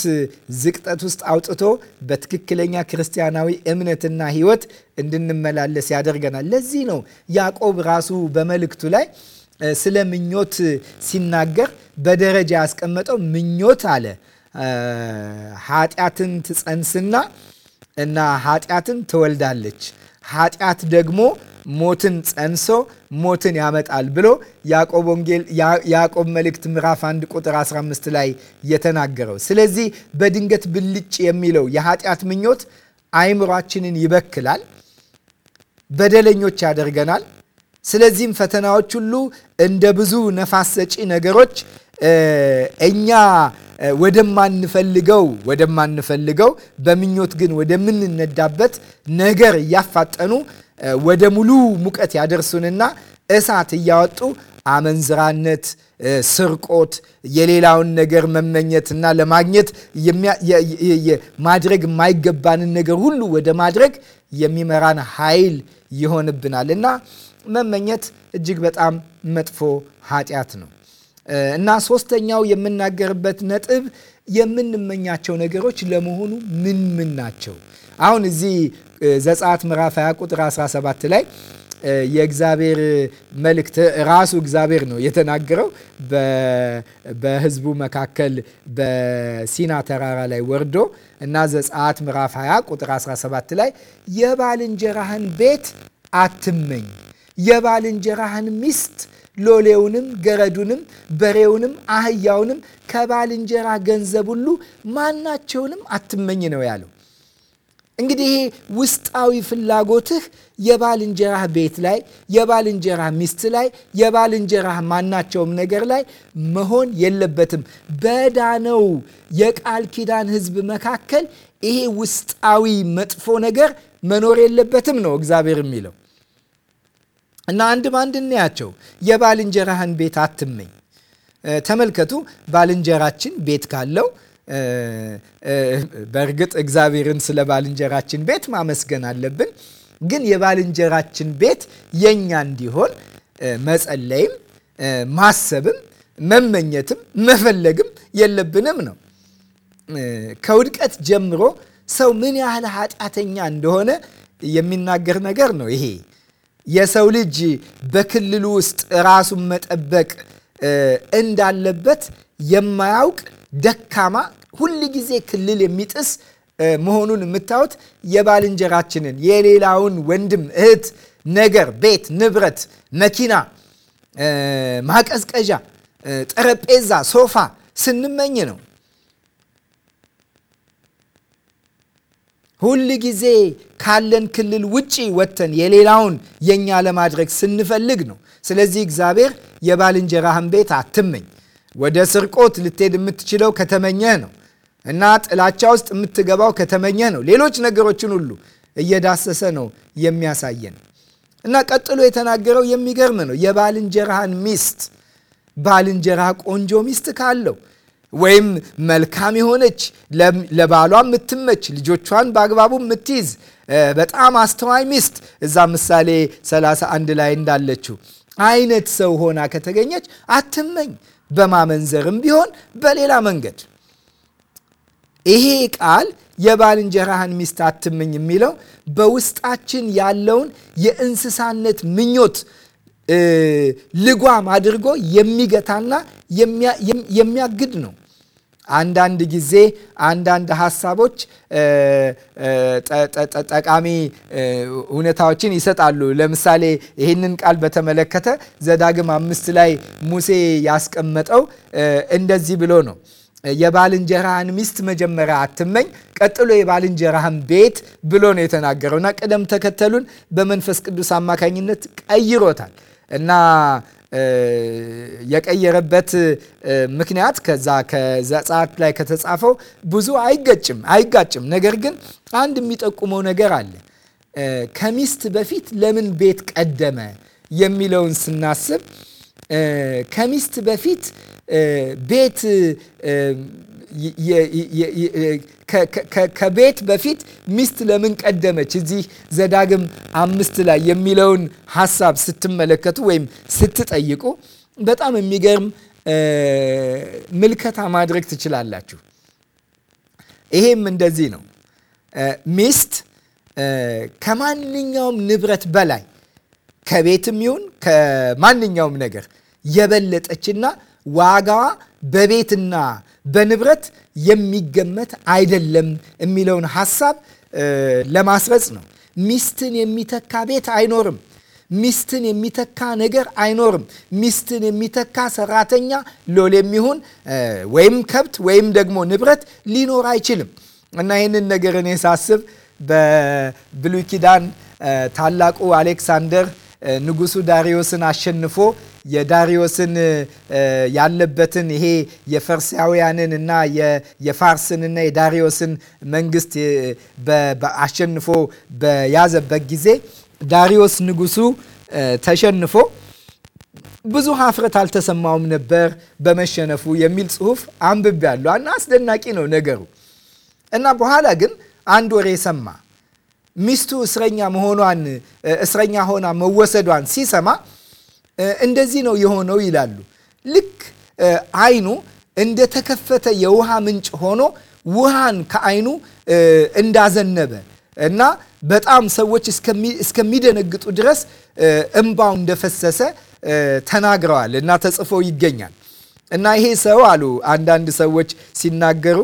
ዝቅጠት ውስጥ አውጥቶ በትክክለኛ ክርስቲያናዊ እምነትና ሕይወት እንድንመላለስ ያደርገናል። ለዚህ ነው ያዕቆብ ራሱ በመልእክቱ ላይ ስለ ምኞት ሲናገር በደረጃ ያስቀመጠው ምኞት አለ ኃጢአትን ትጸንስና እና ኃጢአትን ትወልዳለች ኃጢአት ደግሞ ሞትን ጸንሶ ሞትን ያመጣል ብሎ ያዕቆብ ወንጌል ያዕቆብ መልእክት ምዕራፍ 1 ቁጥር 15 ላይ የተናገረው። ስለዚህ በድንገት ብልጭ የሚለው የኃጢአት ምኞት አይምሯችንን ይበክላል፣ በደለኞች ያደርገናል። ስለዚህም ፈተናዎች ሁሉ እንደ ብዙ ነፋስ ሰጪ ነገሮች እኛ ወደማንፈልገው ወደማንፈልገው በምኞት ግን ወደምንነዳበት ነገር እያፋጠኑ ወደ ሙሉ ሙቀት ያደርሱንና እሳት እያወጡ አመንዝራነት፣ ስርቆት፣ የሌላውን ነገር መመኘትና ለማግኘት ማድረግ የማይገባንን ነገር ሁሉ ወደ ማድረግ የሚመራን ኃይል ይሆንብናል እና መመኘት እጅግ በጣም መጥፎ ኃጢአት ነው። እና ሶስተኛው የምናገርበት ነጥብ የምንመኛቸው ነገሮች ለመሆኑ ምን ምን ናቸው? አሁን እዚህ ዘጸአት ምዕራፍ 20 ቁጥር 17 ላይ የእግዚአብሔር መልእክት ራሱ እግዚአብሔር ነው የተናገረው። በህዝቡ መካከል በሲና ተራራ ላይ ወርዶ እና ዘጸአት ምዕራፍ 20 ቁጥር 17 ላይ የባልንጀራህን ቤት አትመኝ፣ የባልንጀራህን ሚስት ሎሌውንም፣ ገረዱንም፣ በሬውንም፣ አህያውንም ከባልንጀራ ገንዘብ ሁሉ ማናቸውንም አትመኝ ነው ያለው። እንግዲህ ይሄ ውስጣዊ ፍላጎትህ የባልንጀራህ ቤት ላይ፣ የባልንጀራህ ሚስት ላይ፣ የባልንጀራህ ማናቸውም ነገር ላይ መሆን የለበትም። በዳነው የቃል ኪዳን ሕዝብ መካከል ይሄ ውስጣዊ መጥፎ ነገር መኖር የለበትም ነው እግዚአብሔር የሚለው። እና አንድ በአንድ እናያቸው። የባልንጀራህን ቤት አትመኝ። ተመልከቱ፣ ባልንጀራችን ቤት ካለው በእርግጥ እግዚአብሔርን ስለ ባልንጀራችን ቤት ማመስገን አለብን። ግን የባልንጀራችን ቤት የኛ እንዲሆን መጸለይም ማሰብም መመኘትም መፈለግም የለብንም ነው። ከውድቀት ጀምሮ ሰው ምን ያህል ኃጢአተኛ እንደሆነ የሚናገር ነገር ነው ይሄ የሰው ልጅ በክልሉ ውስጥ ራሱን መጠበቅ እንዳለበት የማያውቅ ደካማ፣ ጊዜ ክልል የሚጥስ መሆኑን የምታዩት የባልንጀራችንን የሌላውን ወንድም እህት ነገር፣ ቤት፣ ንብረት፣ መኪና፣ ማቀዝቀዣ፣ ጠረጴዛ፣ ሶፋ ስንመኝ ነው። ሁል ጊዜ ካለን ክልል ውጪ ወጥተን የሌላውን የእኛ ለማድረግ ስንፈልግ ነው። ስለዚህ እግዚአብሔር የባልንጀራህን ቤት አትመኝ። ወደ ስርቆት ልትሄድ የምትችለው ከተመኘህ ነው እና ጥላቻ ውስጥ የምትገባው ከተመኘህ ነው። ሌሎች ነገሮችን ሁሉ እየዳሰሰ ነው የሚያሳየን እና ቀጥሎ የተናገረው የሚገርም ነው። የባልንጀራህን ሚስት ባልንጀራህ ቆንጆ ሚስት ካለው ወይም መልካም የሆነች ለባሏ የምትመች ልጆቿን በአግባቡ የምትይዝ በጣም አስተዋይ ሚስት እዛ ምሳሌ 31 ላይ እንዳለችው አይነት ሰው ሆና ከተገኘች አትመኝ፣ በማመንዘርም ቢሆን በሌላ መንገድ። ይሄ ቃል የባልንጀራህን ሚስት አትመኝ የሚለው በውስጣችን ያለውን የእንስሳነት ምኞት ልጓም አድርጎ የሚገታና የሚያግድ ነው። አንዳንድ ጊዜ አንዳንድ ሀሳቦች ጠቃሚ እውነታዎችን ይሰጣሉ። ለምሳሌ ይህንን ቃል በተመለከተ ዘዳግም አምስት ላይ ሙሴ ያስቀመጠው እንደዚህ ብሎ ነው። የባልንጀራህን ሚስት መጀመሪያ አትመኝ፣ ቀጥሎ የባልንጀራህን ቤት ብሎ ነው የተናገረው እና ቅደም ተከተሉን በመንፈስ ቅዱስ አማካኝነት ቀይሮታል እና የቀየረበት ምክንያት ከዛ ከዘጸአት ላይ ከተጻፈው ብዙ አይገጭም አይጋጭም። ነገር ግን አንድ የሚጠቁመው ነገር አለ። ከሚስት በፊት ለምን ቤት ቀደመ የሚለውን ስናስብ ከሚስት በፊት ቤት ከቤት በፊት ሚስት ለምን ቀደመች እዚህ ዘዳግም አምስት ላይ የሚለውን ሀሳብ ስትመለከቱ ወይም ስትጠይቁ በጣም የሚገርም ምልከታ ማድረግ ትችላላችሁ። ይሄም እንደዚህ ነው። ሚስት ከማንኛውም ንብረት በላይ ከቤትም ይሁን ከማንኛውም ነገር የበለጠችና ዋጋዋ በቤትና በንብረት የሚገመት አይደለም የሚለውን ሀሳብ ለማስረጽ ነው። ሚስትን የሚተካ ቤት አይኖርም። ሚስትን የሚተካ ነገር አይኖርም። ሚስትን የሚተካ ሰራተኛ ሎል የሚሆን ወይም ከብት ወይም ደግሞ ንብረት ሊኖር አይችልም እና ይህንን ነገር እኔ ሳስብ በብሉይ ኪዳን ታላቁ አሌክሳንደር ንጉሱ ዳሪዮስን አሸንፎ የዳሪዮስን ያለበትን ይሄ የፈርሳውያንን እና የፋርስን እና የዳሪዮስን መንግስት አሸንፎ በያዘበት ጊዜ ዳሪዮስ ንጉሱ ተሸንፎ ብዙ ሀፍረት አልተሰማውም ነበር በመሸነፉ የሚል ጽሁፍ አንብቤያለሁ እና አስደናቂ ነው ነገሩ እና በኋላ ግን አንድ ወሬ ሰማ ሚስቱ እስረኛ መሆኗን እስረኛ ሆና መወሰዷን ሲሰማ እንደዚህ ነው የሆነው ይላሉ። ልክ አይኑ እንደተከፈተ የውሃ ምንጭ ሆኖ ውሃን ከአይኑ እንዳዘነበ እና በጣም ሰዎች እስከሚደነግጡ ድረስ እምባው እንደፈሰሰ ተናግረዋል እና ተጽፎ ይገኛል። እና ይሄ ሰው አሉ አንዳንድ ሰዎች ሲናገሩ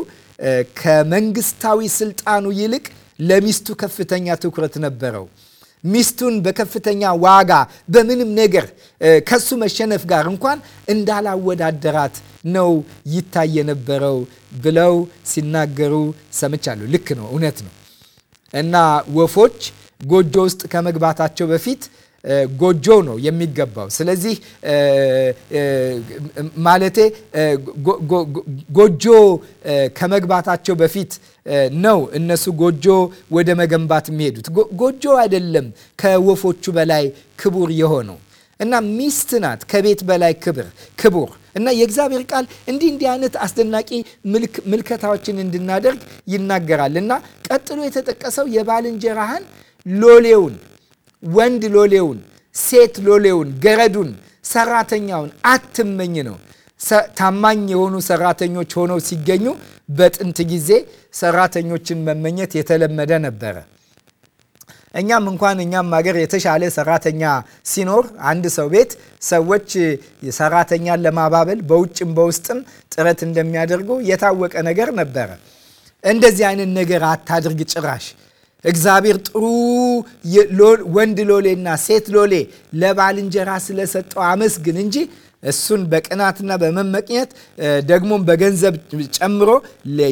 ከመንግስታዊ ስልጣኑ ይልቅ ለሚስቱ ከፍተኛ ትኩረት ነበረው። ሚስቱን በከፍተኛ ዋጋ በምንም ነገር ከሱ መሸነፍ ጋር እንኳን እንዳላወዳደራት ነው ይታይ የነበረው ብለው ሲናገሩ ሰምቻለሁ። ልክ ነው፣ እውነት ነው። እና ወፎች ጎጆ ውስጥ ከመግባታቸው በፊት ጎጆ ነው የሚገባው። ስለዚህ ማለቴ ጎጆ ከመግባታቸው በፊት ነው እነሱ ጎጆ ወደ መገንባት የሚሄዱት። ጎጆ አይደለም ከወፎቹ በላይ ክቡር የሆነው እና ሚስት ናት ከቤት በላይ ክብር ክቡር እና የእግዚአብሔር ቃል እንዲህ እንዲህ አይነት አስደናቂ ምልከታዎችን እንድናደርግ ይናገራል እና ቀጥሎ የተጠቀሰው የባልንጀራህን ሎሌውን ወንድ ሎሌውን፣ ሴት ሎሌውን፣ ገረዱን፣ ሰራተኛውን አትመኝ ነው። ታማኝ የሆኑ ሰራተኞች ሆነው ሲገኙ በጥንት ጊዜ ሰራተኞችን መመኘት የተለመደ ነበረ። እኛም እንኳን እኛም ሀገር የተሻለ ሰራተኛ ሲኖር አንድ ሰው ቤት ሰዎች ሰራተኛን ለማባበል በውጭም በውስጥም ጥረት እንደሚያደርጉ የታወቀ ነገር ነበረ። እንደዚህ አይነት ነገር አታድርግ ጭራሽ እግዚአብሔር ጥሩ ወንድ ሎሌና ሴት ሎሌ ለባልንጀራ ስለሰጠው አመስግን እንጂ እሱን በቅናትና በመመቅኘት ደግሞም በገንዘብ ጨምሮ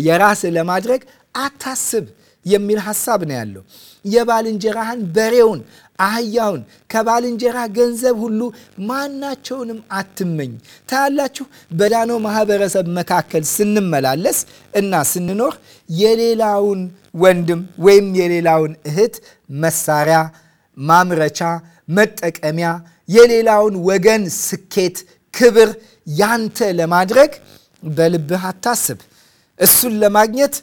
የራስ ለማድረግ አታስብ የሚል ሀሳብ ነው ያለው። የባልንጀራህን በሬውን አህያውን ከባልንጀራ ገንዘብ ሁሉ ማናቸውንም አትመኝ። ታያላችሁ፣ በዳኖ ማህበረሰብ መካከል ስንመላለስ እና ስንኖር የሌላውን ወንድም ወይም የሌላውን እህት መሳሪያ፣ ማምረቻ፣ መጠቀሚያ፣ የሌላውን ወገን ስኬት፣ ክብር ያንተ ለማድረግ በልብህ አታስብ። እሱን ለማግኘት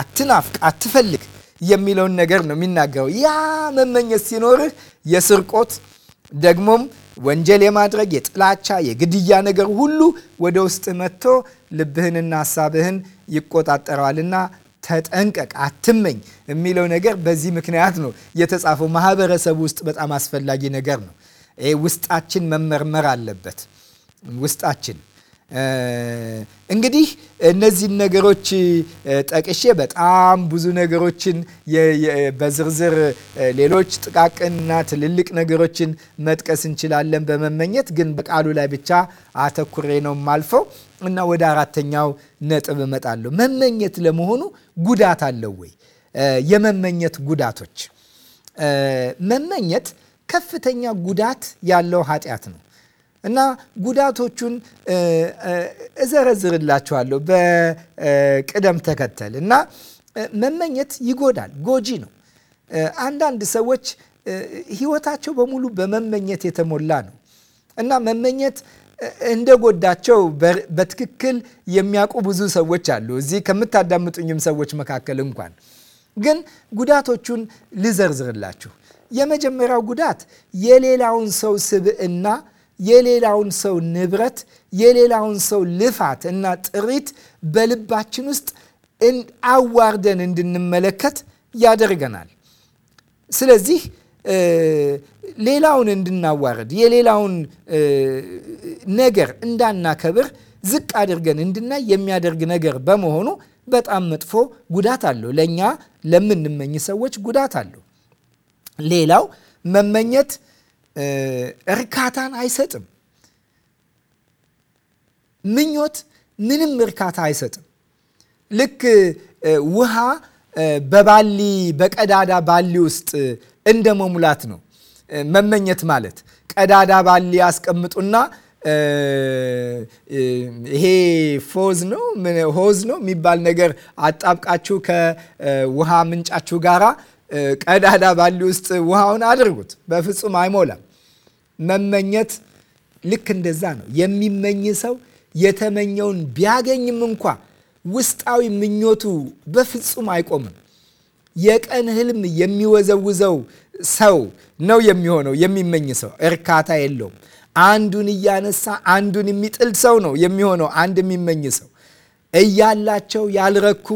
አትናፍቅ፣ አትፈልግ። የሚለውን ነገር ነው የሚናገረው። ያ መመኘት ሲኖርህ የስርቆት ደግሞም ወንጀል የማድረግ የጥላቻ፣ የግድያ ነገር ሁሉ ወደ ውስጥ መጥቶ ልብህንና ሀሳብህን ይቆጣጠረዋልና ተጠንቀቅ፣ አትመኝ የሚለው ነገር በዚህ ምክንያት ነው የተጻፈው። ማህበረሰብ ውስጥ በጣም አስፈላጊ ነገር ነው። ውስጣችን መመርመር አለበት። ውስጣችን እንግዲህ እነዚህን ነገሮች ጠቅሼ በጣም ብዙ ነገሮችን በዝርዝር ሌሎች ጥቃቅንና ትልልቅ ነገሮችን መጥቀስ እንችላለን በመመኘት ግን በቃሉ ላይ ብቻ አተኩሬ ነው ማልፈው እና ወደ አራተኛው ነጥብ እመጣለሁ። መመኘት ለመሆኑ ጉዳት አለው ወይ? የመመኘት ጉዳቶች መመኘት ከፍተኛ ጉዳት ያለው ኃጢአት ነው። እና ጉዳቶቹን እዘረዝርላችኋለሁ በቅደም ተከተል እና መመኘት ይጎዳል፣ ጎጂ ነው። አንዳንድ ሰዎች ህይወታቸው በሙሉ በመመኘት የተሞላ ነው እና መመኘት እንደጎዳቸው በትክክል የሚያውቁ ብዙ ሰዎች አሉ፣ እዚህ ከምታዳምጡኝም ሰዎች መካከል እንኳን ግን ጉዳቶቹን ልዘርዝርላችሁ። የመጀመሪያው ጉዳት የሌላውን ሰው ስብዕና የሌላውን ሰው ንብረት፣ የሌላውን ሰው ልፋት እና ጥሪት በልባችን ውስጥ አዋርደን እንድንመለከት ያደርገናል። ስለዚህ ሌላውን እንድናዋርድ የሌላውን ነገር እንዳናከብር ዝቅ አድርገን እንድናይ የሚያደርግ ነገር በመሆኑ በጣም መጥፎ ጉዳት አለው። ለእኛ ለምንመኝ ሰዎች ጉዳት አለው። ሌላው መመኘት እርካታን አይሰጥም። ምኞት ምንም እርካታ አይሰጥም። ልክ ውሃ በባሊ በቀዳዳ ባሊ ውስጥ እንደ መሙላት ነው መመኘት ማለት። ቀዳዳ ባሊ ያስቀምጡና ይሄ ፎዝ ነው ሆዝ ነው የሚባል ነገር አጣብቃችሁ ከውሃ ምንጫችሁ ጋራ ቀዳዳ ባሊ ውስጥ ውሃውን አድርጉት። በፍጹም አይሞላም። መመኘት ልክ እንደዛ ነው። የሚመኝ ሰው የተመኘውን ቢያገኝም እንኳ ውስጣዊ ምኞቱ በፍጹም አይቆምም። የቀን ህልም የሚወዘውዘው ሰው ነው የሚሆነው። የሚመኝ ሰው እርካታ የለውም። አንዱን እያነሳ አንዱን የሚጥል ሰው ነው የሚሆነው። አንድ የሚመኝ ሰው እያላቸው ያልረኩ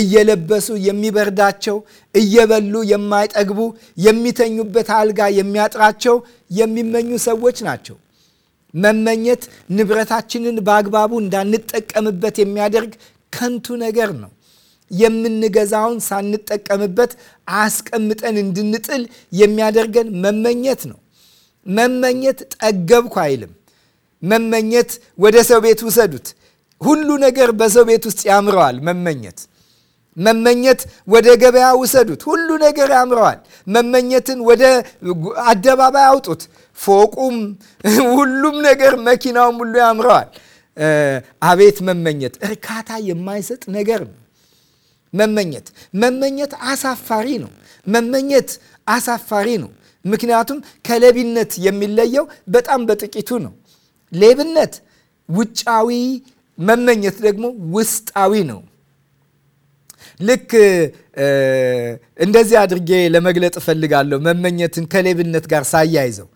እየለበሱ የሚበርዳቸው፣ እየበሉ የማይጠግቡ፣ የሚተኙበት አልጋ የሚያጥራቸው የሚመኙ ሰዎች ናቸው። መመኘት ንብረታችንን በአግባቡ እንዳንጠቀምበት የሚያደርግ ከንቱ ነገር ነው። የምንገዛውን ሳንጠቀምበት አስቀምጠን እንድንጥል የሚያደርገን መመኘት ነው። መመኘት ጠገብኩ አይልም። መመኘት ወደ ሰው ቤት ውሰዱት። ሁሉ ነገር በሰው ቤት ውስጥ ያምረዋል መመኘት መመኘት ወደ ገበያ ውሰዱት፣ ሁሉ ነገር ያምረዋል። መመኘትን ወደ አደባባይ አውጡት። ፎቁም፣ ሁሉም ነገር፣ መኪናውም ሁሉ ያምረዋል። አቤት መመኘት እርካታ የማይሰጥ ነገር ነው። መመኘት መመኘት አሳፋሪ ነው። መመኘት አሳፋሪ ነው። ምክንያቱም ከሌብነት የሚለየው በጣም በጥቂቱ ነው። ሌብነት ውጫዊ፣ መመኘት ደግሞ ውስጣዊ ነው። ልክ እንደዚህ አድርጌ ለመግለጥ እፈልጋለሁ። መመኘትን ከሌብነት ጋር ሳያይዘው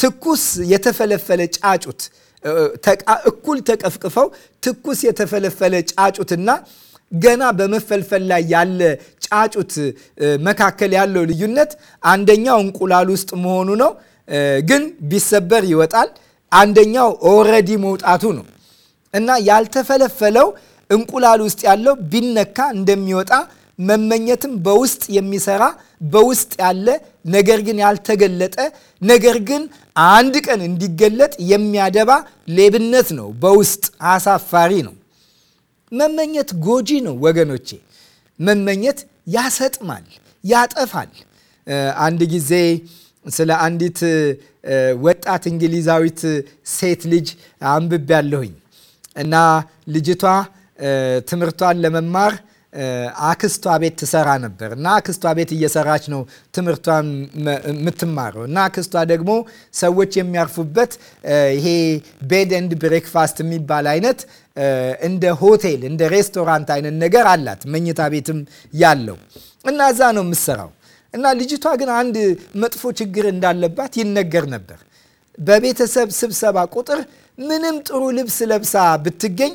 ትኩስ የተፈለፈለ ጫጩት እኩል ተቀፍቅፈው ትኩስ የተፈለፈለ ጫጩትና ገና በመፈልፈል ላይ ያለ ጫጩት መካከል ያለው ልዩነት አንደኛው እንቁላል ውስጥ መሆኑ ነው፣ ግን ቢሰበር ይወጣል። አንደኛው ኦልሬዲ መውጣቱ ነው እና ያልተፈለፈለው እንቁላል ውስጥ ያለው ቢነካ እንደሚወጣ መመኘትም በውስጥ የሚሰራ በውስጥ ያለ ነገር ግን ያልተገለጠ ነገር ግን አንድ ቀን እንዲገለጥ የሚያደባ ሌብነት ነው። በውስጥ አሳፋሪ ነው። መመኘት ጎጂ ነው ወገኖቼ። መመኘት ያሰጥማል፣ ያጠፋል። አንድ ጊዜ ስለ አንዲት ወጣት እንግሊዛዊት ሴት ልጅ ያለሁኝ እና ልጅቷ ትምህርቷን ለመማር አክስቷ ቤት ትሰራ ነበር እና አክስቷ ቤት እየሰራች ነው ትምህርቷን የምትማረው እና አክስቷ ደግሞ ሰዎች የሚያርፉበት ይሄ ቤድ ኤንድ ብሬክፋስት የሚባል አይነት እንደ ሆቴል እንደ ሬስቶራንት አይነት ነገር አላት፣ መኝታ ቤትም ያለው እና እዛ ነው የምትሰራው። እና ልጅቷ ግን አንድ መጥፎ ችግር እንዳለባት ይነገር ነበር። በቤተሰብ ስብሰባ ቁጥር ምንም ጥሩ ልብስ ለብሳ ብትገኝ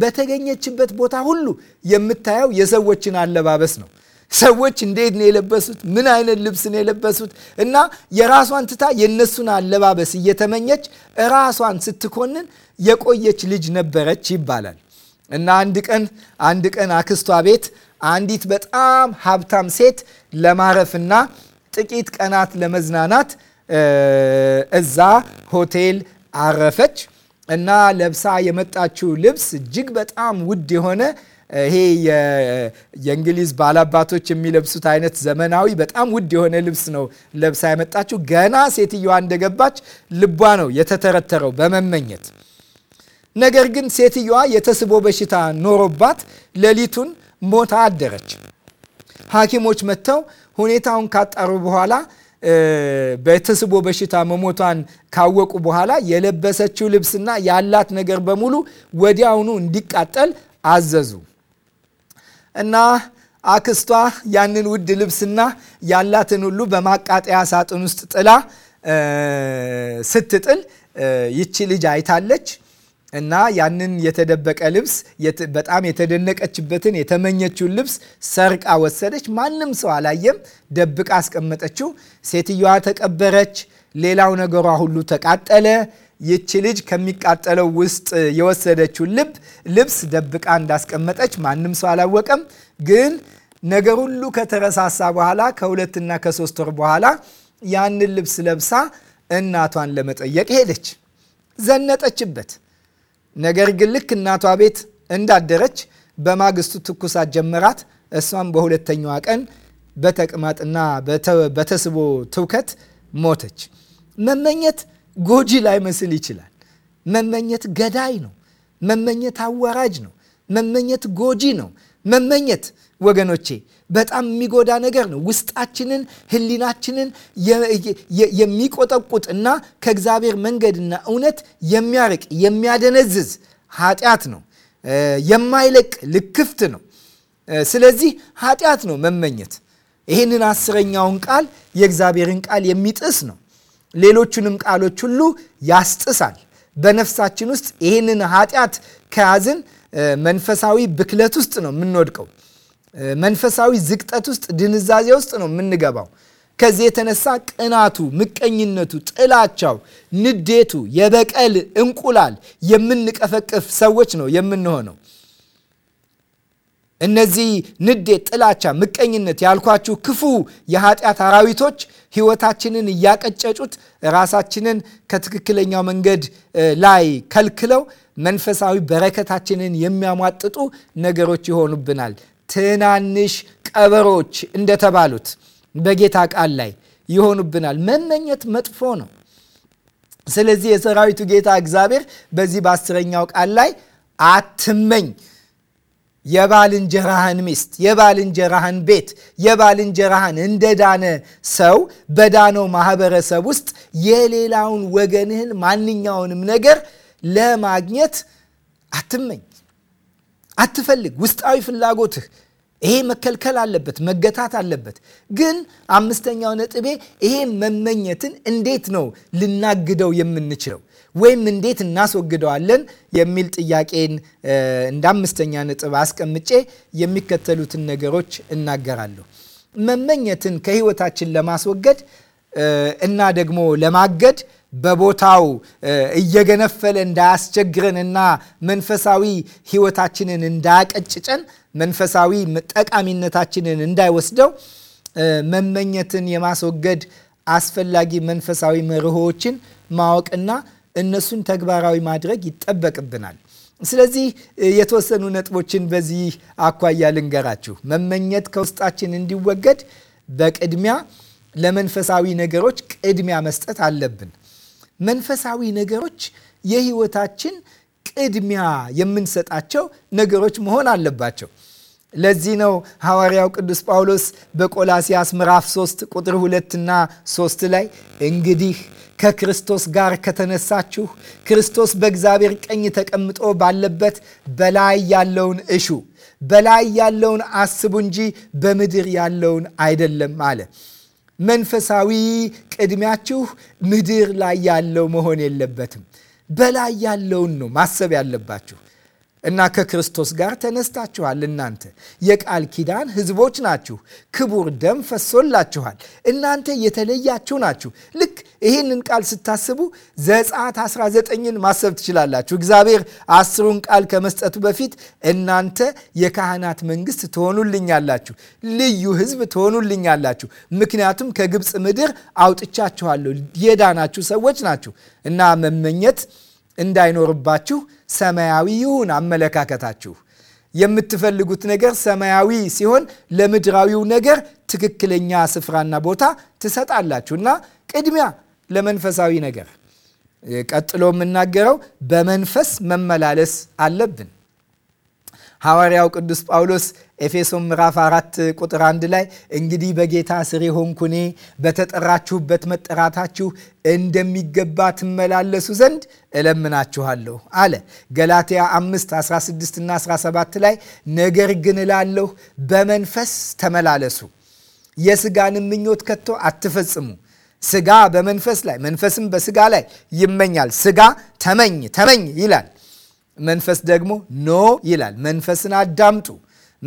በተገኘችበት ቦታ ሁሉ የምታየው የሰዎችን አለባበስ ነው። ሰዎች እንዴት ነው የለበሱት? ምን አይነት ልብስ ነው የለበሱት? እና የራሷን ትታ የእነሱን አለባበስ እየተመኘች ራሷን ስትኮንን የቆየች ልጅ ነበረች ይባላል። እና አንድ ቀን አንድ ቀን አክስቷ ቤት አንዲት በጣም ሀብታም ሴት ለማረፍና ጥቂት ቀናት ለመዝናናት እዛ ሆቴል አረፈች። እና ለብሳ የመጣችው ልብስ እጅግ በጣም ውድ የሆነ ይሄ የእንግሊዝ ባላባቶች የሚለብሱት አይነት ዘመናዊ በጣም ውድ የሆነ ልብስ ነው ለብሳ የመጣችው። ገና ሴትዮዋ እንደገባች ልቧ ነው የተተረተረው በመመኘት። ነገር ግን ሴትዮዋ የተስቦ በሽታ ኖሮባት ሌሊቱን ሞታ አደረች። ሐኪሞች መጥተው ሁኔታውን ካጣሩ በኋላ በተስቦ በሽታ መሞቷን ካወቁ በኋላ የለበሰችው ልብስና ያላት ነገር በሙሉ ወዲያውኑ እንዲቃጠል አዘዙ እና አክስቷ ያንን ውድ ልብስና ያላትን ሁሉ በማቃጠያ ሳጥን ውስጥ ጥላ ስትጥል ይቺ ልጅ አይታለች። እና ያንን የተደበቀ ልብስ በጣም የተደነቀችበትን የተመኘችውን ልብስ ሰርቃ ወሰደች። ማንም ሰው አላየም፣ ደብቃ አስቀመጠችው። ሴትዮዋ ተቀበረች። ሌላው ነገሯ ሁሉ ተቃጠለ። ይቺ ልጅ ከሚቃጠለው ውስጥ የወሰደችውን ልብ ልብስ ደብቃ እንዳስቀመጠች ማንም ሰው አላወቀም። ግን ነገር ሁሉ ከተረሳሳ በኋላ ከሁለትና ከሶስት ወር በኋላ ያንን ልብስ ለብሳ እናቷን ለመጠየቅ ሄደች። ዘነጠችበት። ነገር ግን ልክ እናቷ ቤት እንዳደረች በማግስቱ ትኩሳት ጀመራት። እሷም በሁለተኛዋ ቀን በተቅማጥና በተስቦ ትውከት ሞተች። መመኘት ጎጂ ላይመስል ይችላል። መመኘት ገዳይ ነው። መመኘት አዋራጅ ነው። መመኘት ጎጂ ነው። መመኘት ወገኖቼ በጣም የሚጎዳ ነገር ነው። ውስጣችንን፣ ህሊናችንን የሚቆጠቁጥ እና ከእግዚአብሔር መንገድና እውነት የሚያርቅ የሚያደነዝዝ ኃጢአት ነው። የማይለቅ ልክፍት ነው። ስለዚህ ኃጢአት ነው መመኘት። ይህንን አስረኛውን ቃል የእግዚአብሔርን ቃል የሚጥስ ነው። ሌሎቹንም ቃሎች ሁሉ ያስጥሳል። በነፍሳችን ውስጥ ይህንን ኃጢአት ከያዝን መንፈሳዊ ብክለት ውስጥ ነው የምንወድቀው። መንፈሳዊ ዝቅጠት ውስጥ፣ ድንዛዜ ውስጥ ነው የምንገባው። ከዚህ የተነሳ ቅናቱ፣ ምቀኝነቱ፣ ጥላቻው፣ ንዴቱ፣ የበቀል እንቁላል የምንቀፈቅፍ ሰዎች ነው የምንሆነው። እነዚህ ንዴት፣ ጥላቻ፣ ምቀኝነት ያልኳችሁ ክፉ የኃጢአት አራዊቶች ሕይወታችንን እያቀጨጩት ራሳችንን ከትክክለኛው መንገድ ላይ ከልክለው መንፈሳዊ በረከታችንን የሚያሟጥጡ ነገሮች ይሆኑብናል። ትናንሽ ቀበሮች እንደተባሉት በጌታ ቃል ላይ ይሆኑብናል። መመኘት መጥፎ ነው። ስለዚህ የሰራዊቱ ጌታ እግዚአብሔር በዚህ በአስረኛው ቃል ላይ አትመኝ የባልንጀራህን ሚስት፣ የባልንጀራህን ቤት፣ የባልንጀራህን እንደ ዳነ ሰው በዳነው ማህበረሰብ ውስጥ የሌላውን ወገንህን ማንኛውንም ነገር ለማግኘት አትመኝ። አትፈልግ። ውስጣዊ ፍላጎትህ ይሄ መከልከል አለበት፣ መገታት አለበት። ግን አምስተኛው ነጥቤ ይሄ መመኘትን እንዴት ነው ልናግደው የምንችለው ወይም እንዴት እናስወግደዋለን የሚል ጥያቄን እንደ አምስተኛ ነጥብ አስቀምጬ የሚከተሉትን ነገሮች እናገራለሁ። መመኘትን ከህይወታችን ለማስወገድ እና ደግሞ ለማገድ በቦታው እየገነፈለ እንዳያስቸግረንና መንፈሳዊ ሕይወታችንን እንዳያቀጭጨን መንፈሳዊ ጠቃሚነታችንን እንዳይወስደው መመኘትን የማስወገድ አስፈላጊ መንፈሳዊ መርሆዎችን ማወቅና እነሱን ተግባራዊ ማድረግ ይጠበቅብናል። ስለዚህ የተወሰኑ ነጥቦችን በዚህ አኳያ ልንገራችሁ። መመኘት ከውስጣችን እንዲወገድ በቅድሚያ ለመንፈሳዊ ነገሮች ቅድሚያ መስጠት አለብን። መንፈሳዊ ነገሮች የህይወታችን ቅድሚያ የምንሰጣቸው ነገሮች መሆን አለባቸው። ለዚህ ነው ሐዋርያው ቅዱስ ጳውሎስ በቆላሲያስ ምዕራፍ 3 ቁጥር 2 እና 3 ላይ እንግዲህ ከክርስቶስ ጋር ከተነሳችሁ ክርስቶስ በእግዚአብሔር ቀኝ ተቀምጦ ባለበት በላይ ያለውን እሹ፣ በላይ ያለውን አስቡ እንጂ በምድር ያለውን አይደለም አለ። መንፈሳዊ ቅድሚያችሁ ምድር ላይ ያለው መሆን የለበትም። በላይ ያለውን ነው ማሰብ ያለባችሁ እና ከክርስቶስ ጋር ተነስታችኋል። እናንተ የቃል ኪዳን ህዝቦች ናችሁ። ክቡር ደም ፈሶላችኋል። እናንተ የተለያችሁ ናችሁ። ልክ ይህንን ቃል ስታስቡ ዘጸአት 19ን ማሰብ ትችላላችሁ። እግዚአብሔር አስሩን ቃል ከመስጠቱ በፊት እናንተ የካህናት መንግስት ትሆኑልኛላችሁ፣ ልዩ ህዝብ ትሆኑልኛላችሁ፣ ምክንያቱም ከግብፅ ምድር አውጥቻችኋለሁ፣ የዳናችሁ ሰዎች ናችሁ እና መመኘት እንዳይኖርባችሁ ሰማያዊ ይሁን አመለካከታችሁ የምትፈልጉት ነገር ሰማያዊ ሲሆን ለምድራዊው ነገር ትክክለኛ ስፍራና ቦታ ትሰጣላችሁ እና ቅድሚያ ለመንፈሳዊ ነገር ቀጥሎ የምናገረው በመንፈስ መመላለስ አለብን። ሐዋርያው ቅዱስ ጳውሎስ ኤፌሶን ምዕራፍ አራት ቁጥር አንድ ላይ እንግዲህ በጌታ ስሬ ሆንኩኔ በተጠራችሁበት መጠራታችሁ እንደሚገባ ትመላለሱ ዘንድ እለምናችኋለሁ አለ። ገላትያ 5 16 እና 17 ላይ ነገር ግን እላለሁ በመንፈስ ተመላለሱ፣ የስጋንም ምኞት ከቶ አትፈጽሙ ስጋ በመንፈስ ላይ መንፈስም በስጋ ላይ ይመኛል። ስጋ ተመኝ ተመኝ ይላል፣ መንፈስ ደግሞ ኖ ይላል። መንፈስን አዳምጡ፣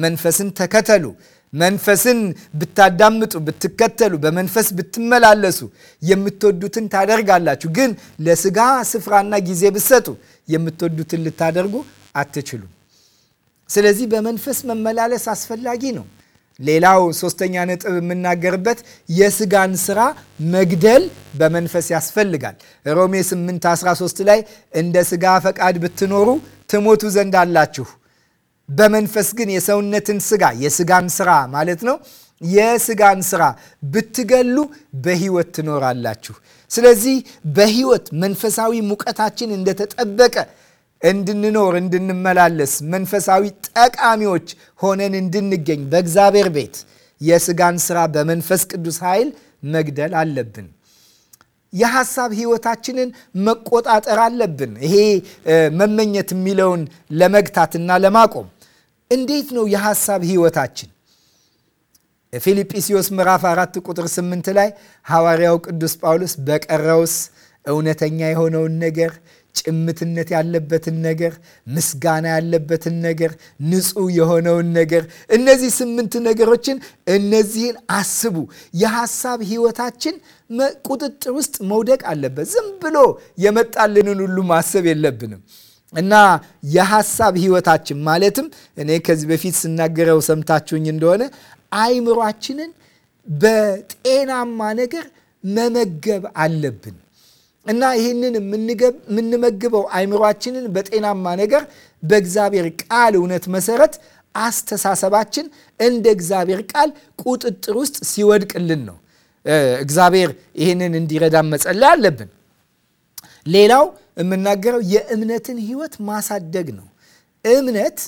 መንፈስን ተከተሉ። መንፈስን ብታዳምጡ ብትከተሉ፣ በመንፈስ ብትመላለሱ የምትወዱትን ታደርጋላችሁ። ግን ለስጋ ስፍራና ጊዜ ብትሰጡ የምትወዱትን ልታደርጉ አትችሉም። ስለዚህ በመንፈስ መመላለስ አስፈላጊ ነው። ሌላው ሶስተኛ ነጥብ የምናገርበት የስጋን ስራ መግደል በመንፈስ ያስፈልጋል። ሮሜ 8 13 ላይ እንደ ስጋ ፈቃድ ብትኖሩ ትሞቱ ዘንድ አላችሁ፣ በመንፈስ ግን የሰውነትን ስጋ የስጋን ስራ ማለት ነው የስጋን ስራ ብትገሉ በህይወት ትኖራላችሁ። ስለዚህ በህይወት መንፈሳዊ ሙቀታችን እንደተጠበቀ እንድንኖር እንድንመላለስ መንፈሳዊ ጠቃሚዎች ሆነን እንድንገኝ በእግዚአብሔር ቤት የስጋን ስራ በመንፈስ ቅዱስ ኃይል መግደል አለብን። የሐሳብ ህይወታችንን መቆጣጠር አለብን። ይሄ መመኘት የሚለውን ለመግታትና ለማቆም እንዴት ነው የሐሳብ ህይወታችን? ፊልጵስዩስ ምዕራፍ 4 ቁጥር 8 ላይ ሐዋርያው ቅዱስ ጳውሎስ በቀረውስ እውነተኛ የሆነውን ነገር ጭምትነት ያለበትን ነገር፣ ምስጋና ያለበትን ነገር፣ ንጹህ የሆነውን ነገር፣ እነዚህ ስምንት ነገሮችን እነዚህን አስቡ። የሀሳብ ህይወታችን ቁጥጥር ውስጥ መውደቅ አለበት። ዝም ብሎ የመጣልንን ሁሉ ማሰብ የለብንም። እና የሀሳብ ህይወታችን ማለትም እኔ ከዚህ በፊት ስናገረው ሰምታችሁኝ እንደሆነ አይምሯችንን በጤናማ ነገር መመገብ አለብን። እና ይህንን የምንመግበው አይምሯችንን በጤናማ ነገር በእግዚአብሔር ቃል እውነት መሰረት አስተሳሰባችን እንደ እግዚአብሔር ቃል ቁጥጥር ውስጥ ሲወድቅልን ነው። እግዚአብሔር ይህንን እንዲረዳን መጸለይ አለብን። ሌላው የምናገረው የእምነትን ህይወት ማሳደግ ነው። እምነት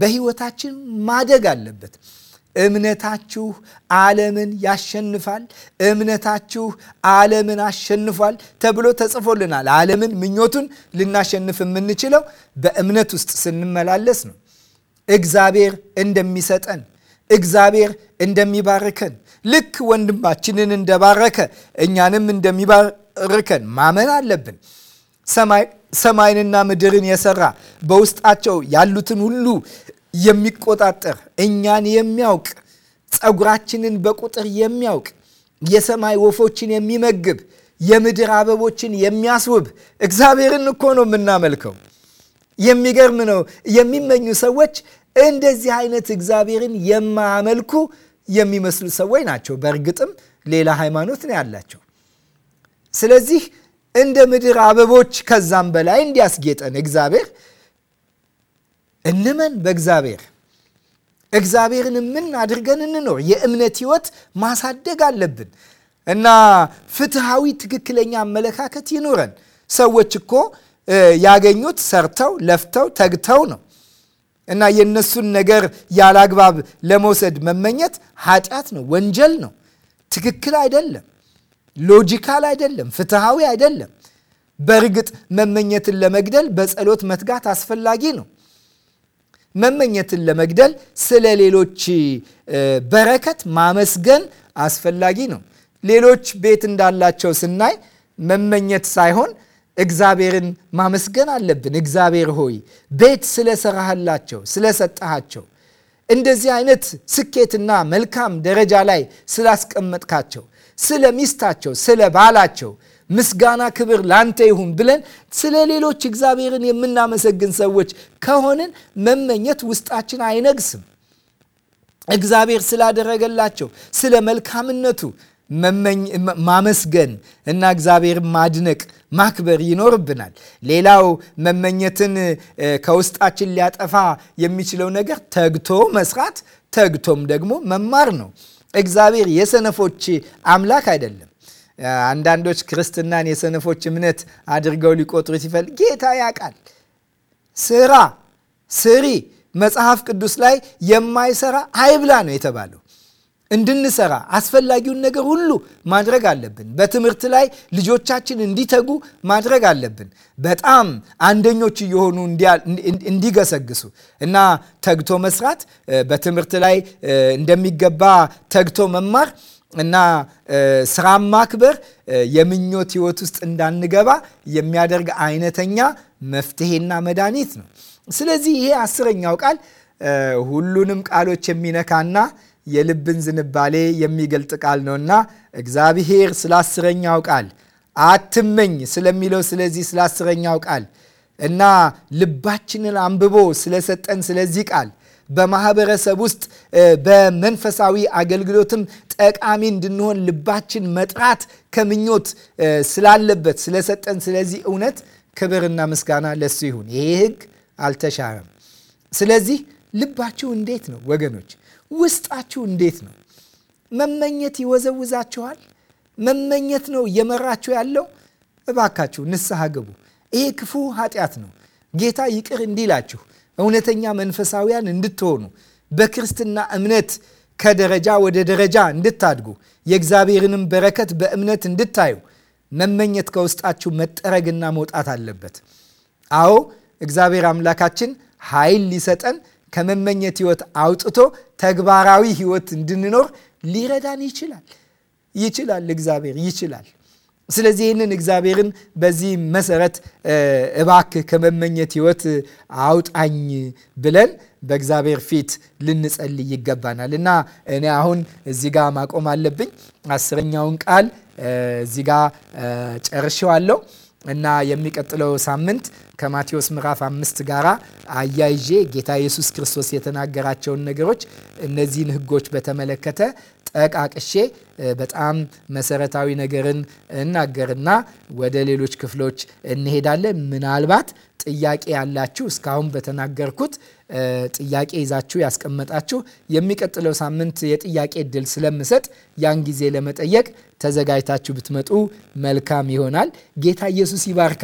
በህይወታችን ማደግ አለበት። እምነታችሁ ዓለምን ያሸንፋል፣ እምነታችሁ ዓለምን አሸንፏል ተብሎ ተጽፎልናል። ዓለምን ምኞቱን ልናሸንፍ የምንችለው በእምነት ውስጥ ስንመላለስ ነው። እግዚአብሔር እንደሚሰጠን እግዚአብሔር እንደሚባርከን ልክ ወንድማችንን እንደባረከ እኛንም እንደሚባርከን ማመን አለብን። ሰማይንና ምድርን የሰራ በውስጣቸው ያሉትን ሁሉ የሚቆጣጠር እኛን የሚያውቅ ጸጉራችንን በቁጥር የሚያውቅ የሰማይ ወፎችን የሚመግብ የምድር አበቦችን የሚያስውብ እግዚአብሔርን እኮ ነው የምናመልከው። የሚገርም ነው። የሚመኙ ሰዎች እንደዚህ አይነት እግዚአብሔርን የማያመልኩ የሚመስሉ ሰዎች ናቸው። በእርግጥም ሌላ ሃይማኖት ነው ያላቸው። ስለዚህ እንደ ምድር አበቦች ከዛም በላይ እንዲያስጌጠን እግዚአብሔር እንመን በእግዚአብሔር እግዚአብሔርን ምን አድርገን እንኖር። የእምነት ህይወት ማሳደግ አለብን እና ፍትሐዊ ትክክለኛ አመለካከት ይኑረን። ሰዎች እኮ ያገኙት ሰርተው ለፍተው ተግተው ነው እና የእነሱን ነገር ያላግባብ ለመውሰድ መመኘት ኃጢአት ነው፣ ወንጀል ነው። ትክክል አይደለም፣ ሎጂካል አይደለም፣ ፍትሐዊ አይደለም። በእርግጥ መመኘትን ለመግደል በጸሎት መትጋት አስፈላጊ ነው። መመኘትን ለመግደል ስለ ሌሎች በረከት ማመስገን አስፈላጊ ነው። ሌሎች ቤት እንዳላቸው ስናይ መመኘት ሳይሆን እግዚአብሔርን ማመስገን አለብን። እግዚአብሔር ሆይ ቤት ስለሰራህላቸው፣ ስለሰጠሃቸው፣ እንደዚህ አይነት ስኬትና መልካም ደረጃ ላይ ስላስቀመጥካቸው፣ ስለ ሚስታቸው፣ ስለ ባላቸው ምስጋና ክብር ላንተ ይሁን ብለን ስለ ሌሎች እግዚአብሔርን የምናመሰግን ሰዎች ከሆንን መመኘት ውስጣችን አይነግስም። እግዚአብሔር ስላደረገላቸው ስለ መልካምነቱ ማመስገን እና እግዚአብሔር ማድነቅ ማክበር ይኖርብናል። ሌላው መመኘትን ከውስጣችን ሊያጠፋ የሚችለው ነገር ተግቶ መስራት፣ ተግቶም ደግሞ መማር ነው። እግዚአብሔር የሰነፎች አምላክ አይደለም። አንዳንዶች ክርስትናን የሰነፎች እምነት አድርገው ሊቆጥሩት ይፈልግ። ጌታ ያውቃል። ስራ ስሪ። መጽሐፍ ቅዱስ ላይ የማይሰራ አይብላ ነው የተባለው። እንድንሰራ አስፈላጊውን ነገር ሁሉ ማድረግ አለብን። በትምህርት ላይ ልጆቻችን እንዲተጉ ማድረግ አለብን። በጣም አንደኞች እየሆኑ እንዲገሰግሱ እና ተግቶ መስራት በትምህርት ላይ እንደሚገባ ተግቶ መማር እና ስራ ማክበር የምኞት ህይወት ውስጥ እንዳንገባ የሚያደርግ አይነተኛ መፍትሄና መድኃኒት ነው። ስለዚህ ይሄ አስረኛው ቃል ሁሉንም ቃሎች የሚነካና የልብን ዝንባሌ የሚገልጥ ቃል እና እግዚአብሔር ስለ አስረኛው ቃል አትመኝ ስለሚለው ስለዚህ ስለ አስረኛው ቃል እና ልባችንን አንብቦ ስለሰጠን ስለዚህ ቃል በማህበረሰብ ውስጥ በመንፈሳዊ አገልግሎትም ጠቃሚ እንድንሆን ልባችን መጥራት ከምኞት ስላለበት ስለሰጠን ስለዚህ እውነት ክብርና ምስጋና ለሱ ይሁን። ይሄ ህግ አልተሻረም። ስለዚህ ልባችሁ እንዴት ነው ወገኖች? ውስጣችሁ እንዴት ነው? መመኘት ይወዘውዛችኋል? መመኘት ነው እየመራችሁ ያለው? እባካችሁ ንስሐ ግቡ። ይሄ ክፉ ኃጢአት ነው። ጌታ ይቅር እንዲላችሁ እውነተኛ መንፈሳዊያን እንድትሆኑ በክርስትና እምነት ከደረጃ ወደ ደረጃ እንድታድጉ የእግዚአብሔርንም በረከት በእምነት እንድታዩ መመኘት ከውስጣችሁ መጠረግና መውጣት አለበት። አዎ እግዚአብሔር አምላካችን ኃይል ሊሰጠን ከመመኘት ህይወት አውጥቶ ተግባራዊ ህይወት እንድንኖር ሊረዳን ይችላል። ይችላል። እግዚአብሔር ይችላል። ስለዚህ ይህንን እግዚአብሔርን በዚህ መሰረት እባክ ከመመኘት ህይወት አውጣኝ ብለን በእግዚአብሔር ፊት ልንጸልይ ይገባናል እና እኔ አሁን እዚህ ጋ ማቆም አለብኝ። አስረኛውን ቃል እዚህ ጋ ጨርሼዋለሁ እና የሚቀጥለው ሳምንት ከማቴዎስ ምዕራፍ አምስት ጋር አያይዤ ጌታ ኢየሱስ ክርስቶስ የተናገራቸውን ነገሮች እነዚህን ህጎች በተመለከተ ጠቃቅሼ በጣም መሰረታዊ ነገርን እናገርና ወደ ሌሎች ክፍሎች እንሄዳለን። ምናልባት ጥያቄ ያላችሁ እስካሁን በተናገርኩት ጥያቄ ይዛችሁ ያስቀመጣችሁ የሚቀጥለው ሳምንት የጥያቄ እድል ስለምሰጥ ያን ጊዜ ለመጠየቅ ተዘጋጅታችሁ ብትመጡ መልካም ይሆናል። ጌታ ኢየሱስ ይባርካል